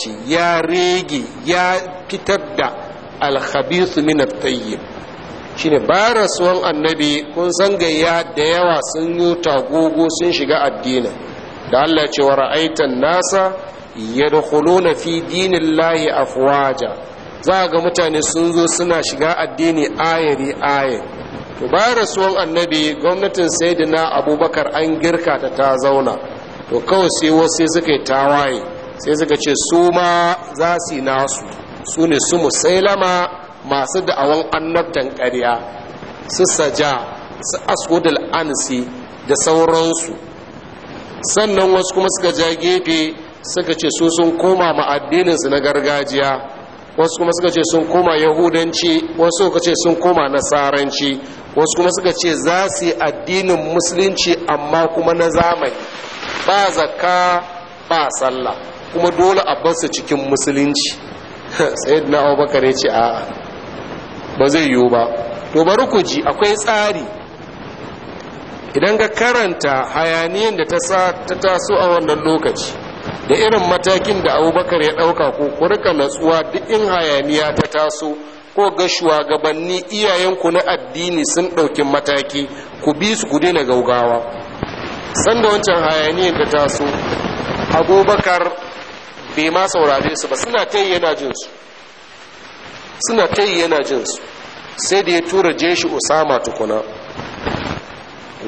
ci ya rege ya fitar da alhabisu min tayyib shine bayan rasuwan annabi kun san gayya da yawa sun yi tagogo sun shiga addinin da Allah ya ce wa ra'aitan nasa yadkhuluna fi dinillahi afwaja za ga mutane sun zo suna shiga addini ayari ayari to bayan rasuwan annabi gwamnatin sayyidina abubakar an girka ta ta zauna to kawai sai wasu suka yi tawaye sai suka ce su ma za su yi nasu su ne su musailama masu da'awan annabtan ƙarya su saja su asudul ansi da sauransu sannan wasu kuma suka ja gefe suka ce su sun koma ma na gargajiya wasu kuma suka ce sun koma yahudanci wasu suka ce sun koma nasaranci wasu kuma suka ce za su yi addinin musulunci amma kuma na zamani ba zakka ba sallah kuma dole a basu cikin musulunci na abubakar ya ce a'a ba zai yiwu ba to bari ku ji akwai tsari idan ka karanta hayaniyan da ta taso a wannan lokaci da irin matakin da abubakar ya ɗauka ko ku natsuwa duk in hayaniya ta taso ko ga shugabanni iyayenku na addini sun ɗauki mataki ku bi su ku daina gaugawa san da wancan hayaniyan da taso abubakar bai ma saurare su ba suna ta yana jin su suna ta yi yana jin sai da ya tura jeshi usama tukuna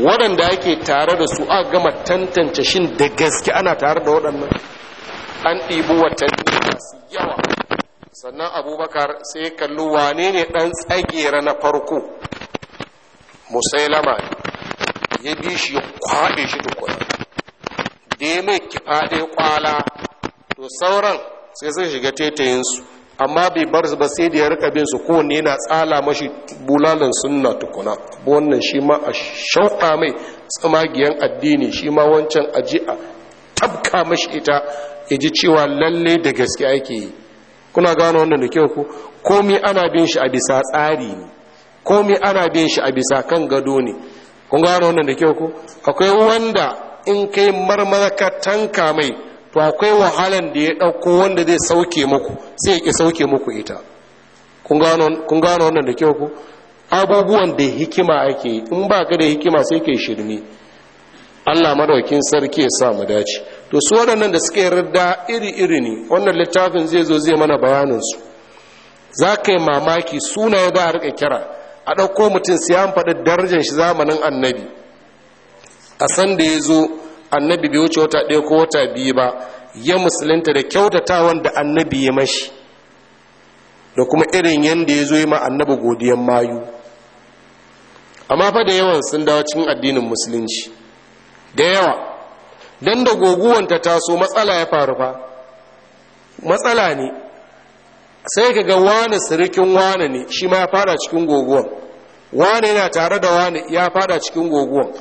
waɗanda ake tare da su a gama tantance shin da gaske ana tare da waɗannan an ɗibo watanni masu yawa sannan abubakar sai ya kalli wane ne ɗan tsagera na farko musailama ya bi shi ya kwaɗe shi tukuna da ya mai kifaɗe kwala to sauran sai sun shiga tetayinsu amma bai bar ba sai da ya rika bin su kowanne yana tsala mashi bulalan sunna tukuna wannan shi ma a shauka mai tsamagiyan addini shi ma wancan aji a tabka mashi ita ya ji cewa lalle da gaske ake yi kuna gano wannan da kyau ku komi ana bin shi a bisa tsari ne komi ana bin shi a bisa kan gado ne kun gano wannan da kyau ku akwai wanda in kai marmarka tanka mai to akwai wahalan da ya ɗauko wanda zai sauke muku sai ya ke sauke muku ita kun gano wannan da kyau ku abubuwan da hikima ake yi in ba ka da hikima sai ke shirme allah madaukin sarki ya sa mu dace to su waɗannan da suka yarda iri-iri ne wannan littafin zai zo zai mana bayaninsu za ka yi mamaki ya ba a rika kira a ɗauko mutum sai an faɗi darajar shi zamanin annabi a san da ya zo annabi bai wuce wata ɗaya ko wata biyu ba ya musulunta da kyautatawan da annabi ya mashi da kuma irin yadda ya zo yi ma annabi godiyan mayu amma fa da yawan sun dawo cikin addinin musulunci da yawa don da ta taso matsala ya faru fa matsala ne sai ka ga wani sirikin wane ne shi ma ya fara cikin goguwan wani yana tare da wani ya fada cikin goguwan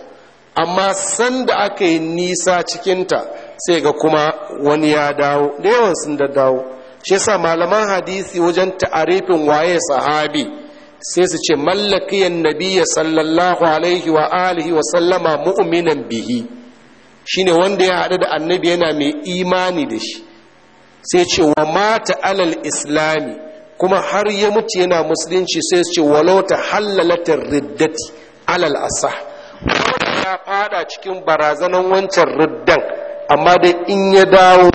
amma sanda aka yi nisa cikinta sai ga kuma wani ya dawo da yawan sun da dawo shi yasa malaman hadisi wajen ta'arifin waye sahabi sai su ce mallakiyan nabiyya sallallahu alaihi wa alihi wa sallama mu'minan bihi shine wanda ya haɗu da annabi yana mai imani da shi sai ce wa mata alal islami kuma har ya mutu yana musulunci sai su ce walauta ta hallalatar riddati alal asah ya fada cikin barazanan wancan riddan amma dai in ya dawo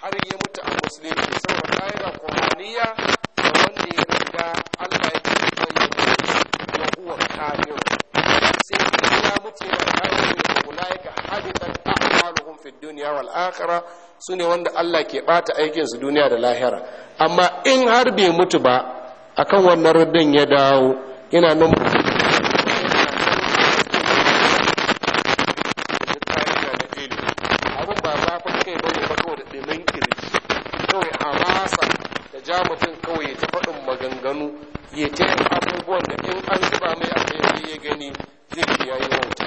har ya mutu a musulunci saboda da kwaniya da wanda ya riga Allah ya ce ya kuwa kafin sai ya mutu ya kafir da ulaika habitat a'maluhum fi dunya wal su sune wanda Allah ke bata aikin su duniya da lahira amma in har bai mutu ba akan wannan riddan ya dawo yana nan ya ta abubuwan da in an zuba mai a kai ya gani zai ji ya yi wauta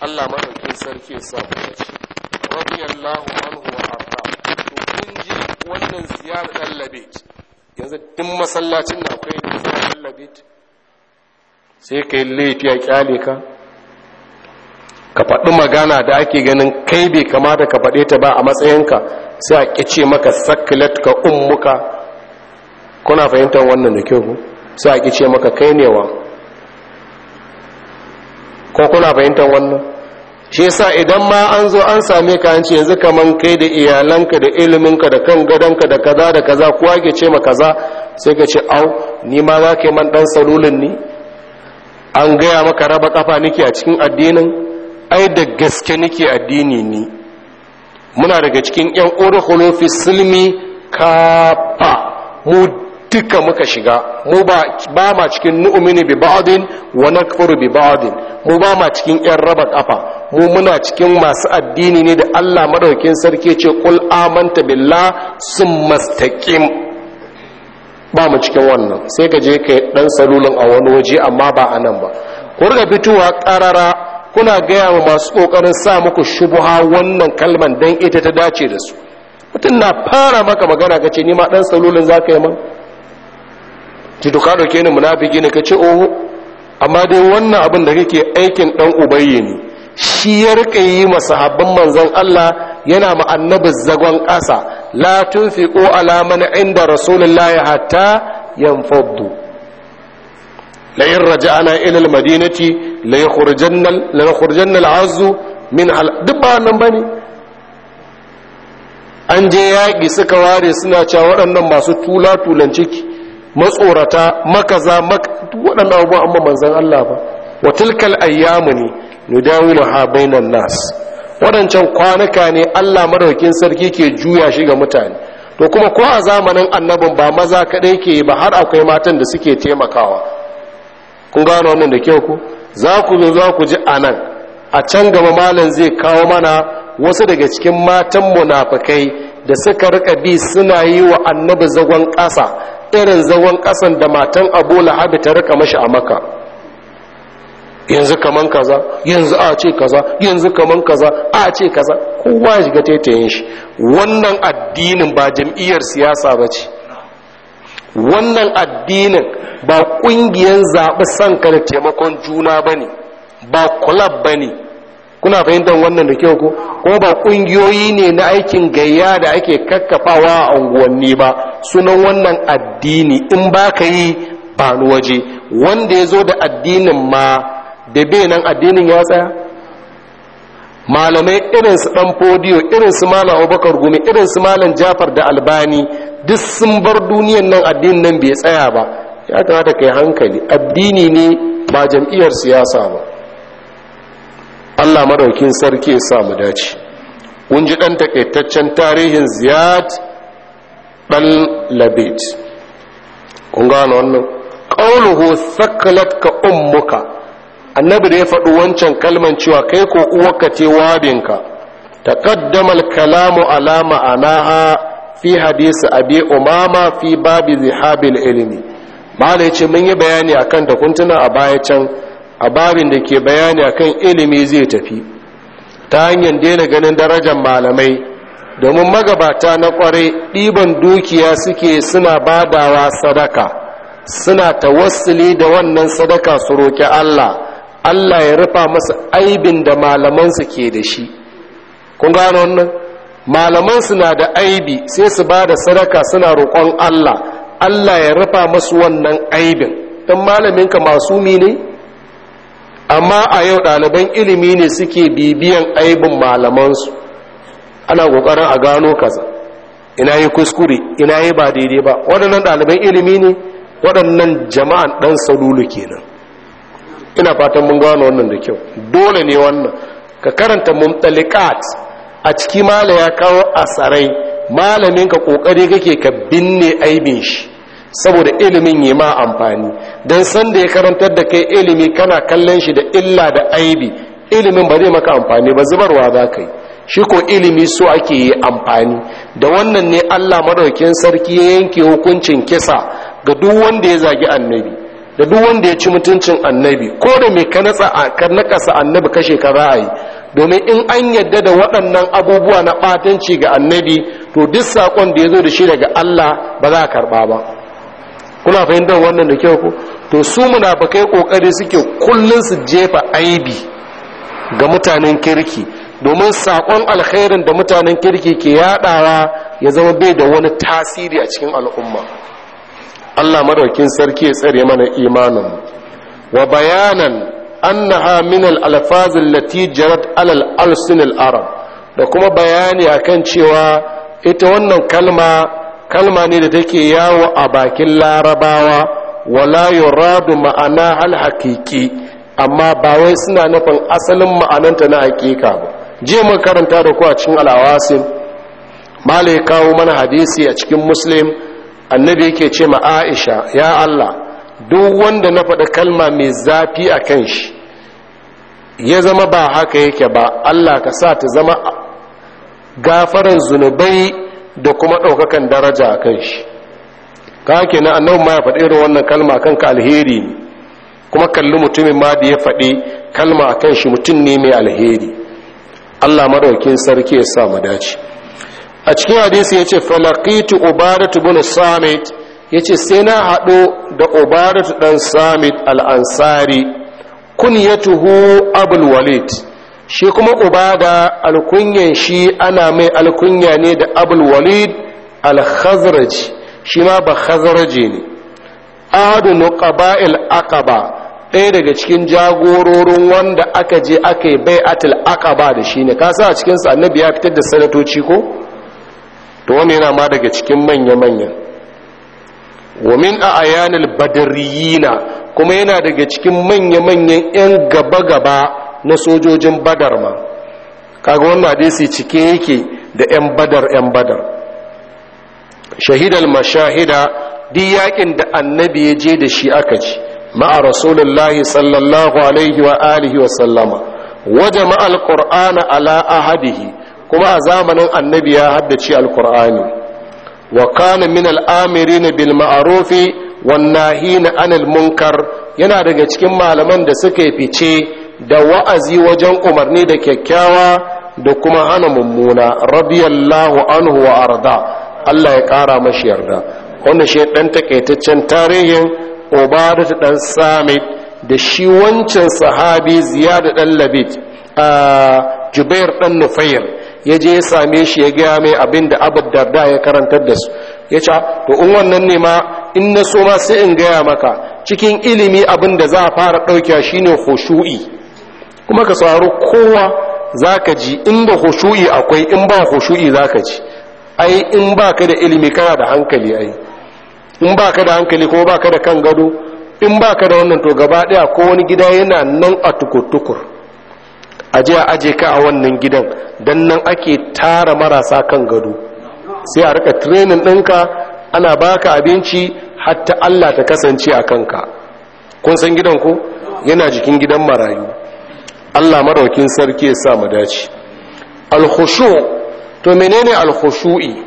Allah madaukin sarki ya sa mu dace radiyallahu anhu wa arda to kun ji wannan ziyarar dan yanzu duk masallacin na akwai ziyarar dan sai kai laifi ya kyale ka ka faɗi magana da ake ganin kai bai kamata ka faɗe ta ba a matsayinka sai a kice maka sakilat ka ummuka kuna fahimtar wannan da kyau sai a ki maka kai ne wa ko kuna fahimtar wannan shi yasa idan ma an zo an same ka an ce yanzu kaman kai da iyalanka da iliminka da kan gadonka da kaza da kaza ko ke ce ma kaza sai ka ce au ni ma za ka yi man dan salulin ni an gaya maka raba kafa nake a cikin addinin ai da gaske nake addini ni muna daga cikin yan urukhulu fi silmi kafa mu duka muka shiga mu ba ma cikin nu'minu bi ba'din wa nakfuru bi ba'din mu ba ma cikin yan raba kafa mu muna cikin masu addini ne da Allah madaukin sarki ce qul amanta billah summastaqim ba mu cikin wannan sai ka je kai dan salulun a wani waje amma ba nan ba ku riga fitowa karara kuna gaya wa masu kokarin sa muku shubuha wannan kalman dan ita ta dace da su mutum na fara maka magana kace ni ma dan salulun zaka yi mana ti to ka dauke ni munafiki ne kace oh amma dai wannan abin da kake aikin dan ubayye ne shi ya rika yi masahabban manzon Allah yana ma annabi zagon ƙasa la tunfiqu ala man inda rasulullahi hatta yanfaddu لئن la إلى المدينة ليخرجن ليخرجن العز min هل dubba nan bane an je yaki suka ware suna cewa waɗannan masu tula tulan ciki matsorata makaza maka waɗannan abubuwan amma manzan Allah ba wa tilkal ayyamu ne nudawilu ha bainan nas waɗancan kwanaka ne Allah madaukin sarki ke juya shi ga mutane to kuma ko a zamanin annabin ba maza kaɗai ke ba har akwai matan da suke taimakawa kun gano wannan da kyau ku za ku zo za ku ji a nan a can gaba malam zai kawo mana wasu daga cikin matan munafakai da suka rika bi suna yi wa annabi zagon ƙasa irin zawon ƙasan da matan abu lahabi ta rika mashi a maka yanzu kaman kaza yanzu a ce kaza yanzu kaman kaza a ce kaza kowa shiga taitayin shi wannan addinin ba jam'iyyar siyasa ba ce wannan addinin ba ƙungiyar zaɓi son da taimakon juna ba ne ba kulab ba ne kuna fahimtar wannan da kyau ko kuma ba kungiyoyi ne na aikin gayya da ake kakkafawa a unguwanni ba sunan wannan addini in ba ka yi ba waje wanda ya zo da addinin ma da bai nan addinin ya tsaya malamai irin su dan fodiyo irin su malam abubakar gumi irin su malam jafar da albani duk sun bar duniyan nan addinin nan bai tsaya ba ya kamata kai hankali addini ne ba jam'iyyar siyasa ba allah maraukin sarki ya sa mu dace kun ji ɗan takaitaccen tarihin ziyad ɗan labit, kun gano wannan qauluhu sakalat ka ummuka annabi da ya faɗi wancan kalman cewa kai ko uwarka ce wabinka taqaddamal kalamu ala ma'anaha fi hadisi abi umama fi babi zihabil ilmi malai ce mun yi bayani akan ta kuntuna a baya can Abarin da ke bayani akan ilimi zai tafi ta hanyar daina ganin darajar malamai domin magabata na kwarai ɗiban dukiya suke suna badawa sadaka suna tawassuli da wannan sadaka su roƙi Allah Allah ya rufa masa aibin da malamansu ke da shi kun gano wannan malamansu na da aibi sai su bada sadaka suna roƙon Allah Allah ya rufa masu wannan aibin don malaminka masumi ne amma a yau ɗaliban ilimi ne suke bibiyan aibin malamansu ana ƙoƙarin a gano kaza ina yi kuskure ina yi ba daidai ba waɗannan ɗaliban ilimi ne waɗannan jama'an ɗan salulu kenan ina fatan mun gano wannan da kyau dole ne wannan ka karanta mumtalikat a ciki mala ya kawo asarai malamin ka ƙoƙari kake ka binne aibin shi saboda ilimin yi ma amfani don sanda ya karantar da kai ilimi kana kallon shi da illa da aibi ilimin ba zai maka amfani ba zubarwa za ka yi shi ko ilimi so ake yi amfani da wannan ne allah maraukin sarki ya yanke hukuncin kisa ga duk wanda ya zagi annabi da duk wanda ya ci mutuncin annabi ko da mai ka nakasa annabi kashe ka yi, domin in an yadda da waɗannan abubuwa na ɓatanci ga annabi to duk saƙon da ya zo da shi daga allah ba za a karɓa ba kuna fahimtar wannan da kyau ko to su muna kai kokari suke kullun su jefa aibi ga mutanen kirki domin sakon alkhairin da mutanen kirki ke yadawa ya zama bai da wani tasiri a cikin al'umma Allah madaukin sarki ya tsare mana imanin wa bayanan annaha min al-alfaz allati jarat ala al-alsin al-arab da kuma bayani akan cewa ita wannan kalma kalma ne da take yawo a bakin larabawa wala yuradu ma'ana hal hakiki amma ba wai suna nufin asalin ma'ananta na hakika ba je mun karanta da ku a cikin alawasin malai kawo mana hadisi a cikin muslim annabi yake ce ma aisha ya allah duk wanda na faɗa kalma mai zafi a kan shi ya zama ba haka yake ba allah ka sa ta zama gafaran zunubai da kuma ɗaukakan daraja a kan shi ka ke na annabi ma ya faɗi irin wannan kalma kanka alheri ne kuma kalli mutumin ma da ya faɗi kalma a kan shi mutum ne mai alheri allah maɗaukin sarki ya sa mu dace a cikin hadisi ya ce falakitu ubaratu bin samit ya ce sai na haɗo da Ubaratu ɗan samit al'ansari kun ya tuho abul shi kuma ubada alkunyan shi ana mai alkunya ne da abul walid al-khazraj shi ma ba khazraji ne ahadu nuqaba'il aqaba ɗaya daga cikin jagororin wanda aka je aka yi bai'atul aqaba da shi ne kasa a cikin sa annabi ya fitar da sanatoci ko to wannan yana ma daga cikin manya manya wa min ayanil badriyina kuma yana daga cikin manya manyan yan gaba gaba na sojojin badar ma kaga wannan hadisi cike yake da 'yan badar 'yan badar shahidal mashahida duk yakin da annabi ya je da shi aka ci ma'a rasulullahi sallallahu alaihi wa alihi wa sallama waje ma'al qur'ana ala ahadihi kuma a zamanin annabi ya haddace alqur'ani wa kana min al'amirin bil ma'rufi wan nahina anil munkar yana daga cikin malaman da suka fice da wa'azi wajen umarni da kyakkyawa da kuma hana mummuna radiyallahu anhu wa arda Allah ya kara mashi yarda wanda shi ɗan takaitaccen tarihin da ɗan samit da shi wancan sahabi ziyad ɗan labit a jubair ɗan nufair ya je ya same shi ya gaya mai abin da abu darda ya karantar da su ya ca to in wannan ne ma in na so ma sai in gaya maka cikin ilimi abin da za a fara ɗauka shine khushu'i kuma ka tsaro kowa za ka ji inda hushu'i akwai in ba hushu'i za ka ji ai in ba ka da ilimi kana da hankali ai in ba ka da hankali ko ba ka da kan gado in ba ka da wannan to gaba daya ko wani gida yana nan a tukur-tukur a aje ka a wannan gidan don nan ake tara marasa kan gado sai a rika trenin ɗinka ana baka abinci hatta allah ta kasance a kanka kun san gidan ku? yana jikin gidan marayu Allah maraukin sarki ya sa mu dace al-khushu to menene al-khushu'i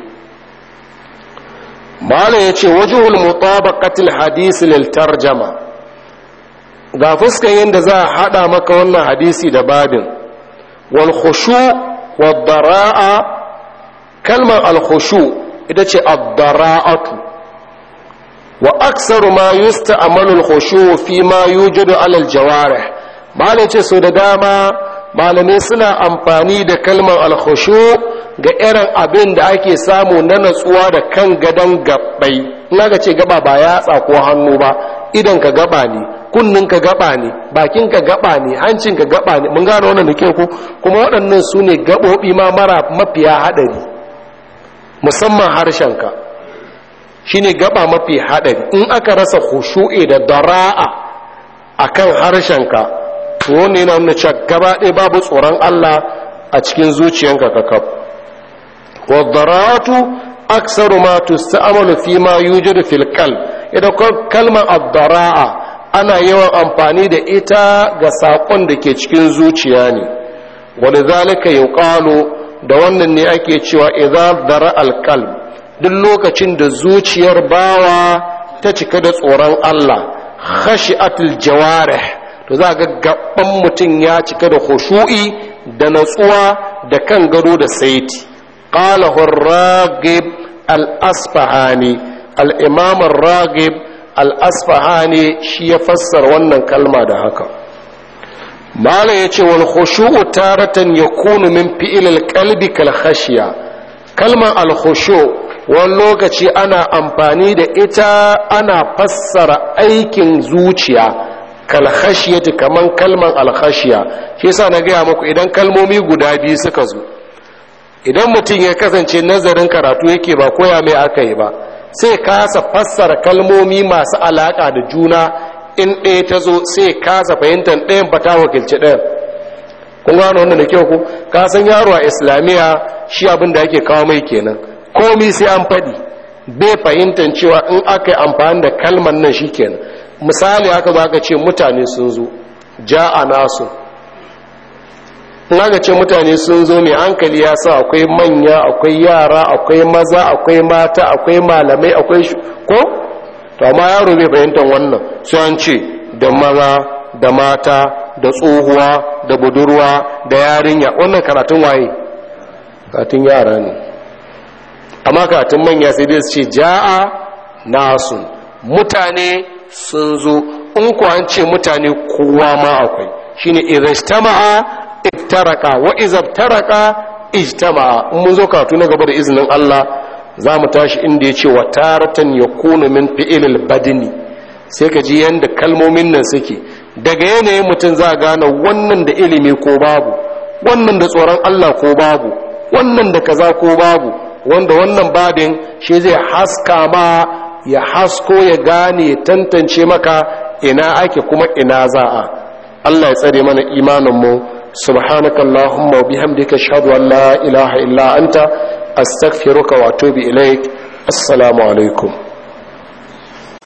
mala yace wajhul mutabaqatil hadith lil tarjama ga fuskan yanda za a hada maka wannan hadisi da babin wal khushu wad daraa kalmar al khushu ita ce ad daraatu wa aksaru ma yusta'malu al khushu fi ma yujadu ala al jawarih malai ce so da dama malamai suna amfani da kalmar alkhushu ga irin abin da ake samu na natsuwa da kan gadon gabbai ina ga ce gaba ba yatsa ko hannu ba idan ka gaba ne kunnin ka gaba ne bakin ka gaba ne hancin ka gaba ne mun gano wannan nake ku kuma waɗannan su ne gaɓoɓi ma mara mafiya haɗari musamman harshen ka shine gaba mafi haɗari in aka rasa khushu'i da dara'a akan harshen ka to ne yana wani cak gaba ɗaya babu tsoron Allah a cikin zuciyanka ka kaf wadaratu aksaru ma tusta'malu fi ma yujadu fil filkal, idan kalmar ad ana yawan amfani da ita ga saƙon da ke cikin zuciya ne wani zalika ƙalo da wannan ne ake cewa idan dara alkalb duk lokacin da zuciyar bawa ta cika da tsoron Allah atul jawarih to za ga gaban mutum ya cika da khushu'i da natsuwa da kan gado da saiti qala hurragib al-asfahani al-imam ar-ragib al-asfahani shi ya fassara wannan kalma da haka mala yace wal khushu'u taratan yakunu min fi'il al-qalbi kal khashya kalmar al-khushu' wani lokaci ana amfani da ita ana fassara aikin zuciya kalhashiyati kaman kalman alhashiya shi yasa na gaya muku idan kalmomi guda biyu suka zo idan mutum ya kasance nazarin karatu yake ba koya mai aka yi ba sai kasa fassara kalmomi masu alaka da juna in ɗaya ta zo sai kasa fahimtar ɗayan ba ta wakilci ɗayan kun gano wannan da kyau ku ka san yaro a islamiyya shi abin da yake kawo mai kenan komi sai an faɗi bai fahimtar cewa in aka yi amfani da kalman nan shi kenan misali haka ba ka ce mutane sun zo ja a nasu naga ce mutane sun zo mai hankali ya sa akwai manya akwai yara akwai maza akwai mata akwai malamai akwai ko to amma yaro bai fahimtar wannan su an ce da maza da mata da tsohuwa da budurwa da yarinya wannan karatun waye karatun yara ne amma karatun manya sai dai su ce ja'a nasu mutane sun zo in ku an ce mutane kowa ma akwai shine irastama'a iftaraka wa izabtaraka ijtama'a in mun zo karatu na gaba da izinin Allah za mu tashi inda ya ce wa taratan ya yakunu min fi'ilil badini sai ka ji yadda kalmomin nan suke daga yanayin mutum za gane wannan da ilimi ko babu wannan da tsoron Allah ko babu wannan da kaza ko babu wanda wannan babin shi zai haska ma ya hasko ya gane tantance maka ina ake kuma ina za'a Allah ya tsare mana imaninmu subhanaka allahumma wa bihamdika ashhadu an la ilaha illa anta astaghfiruka wa atubu ilaik assalamu alaikum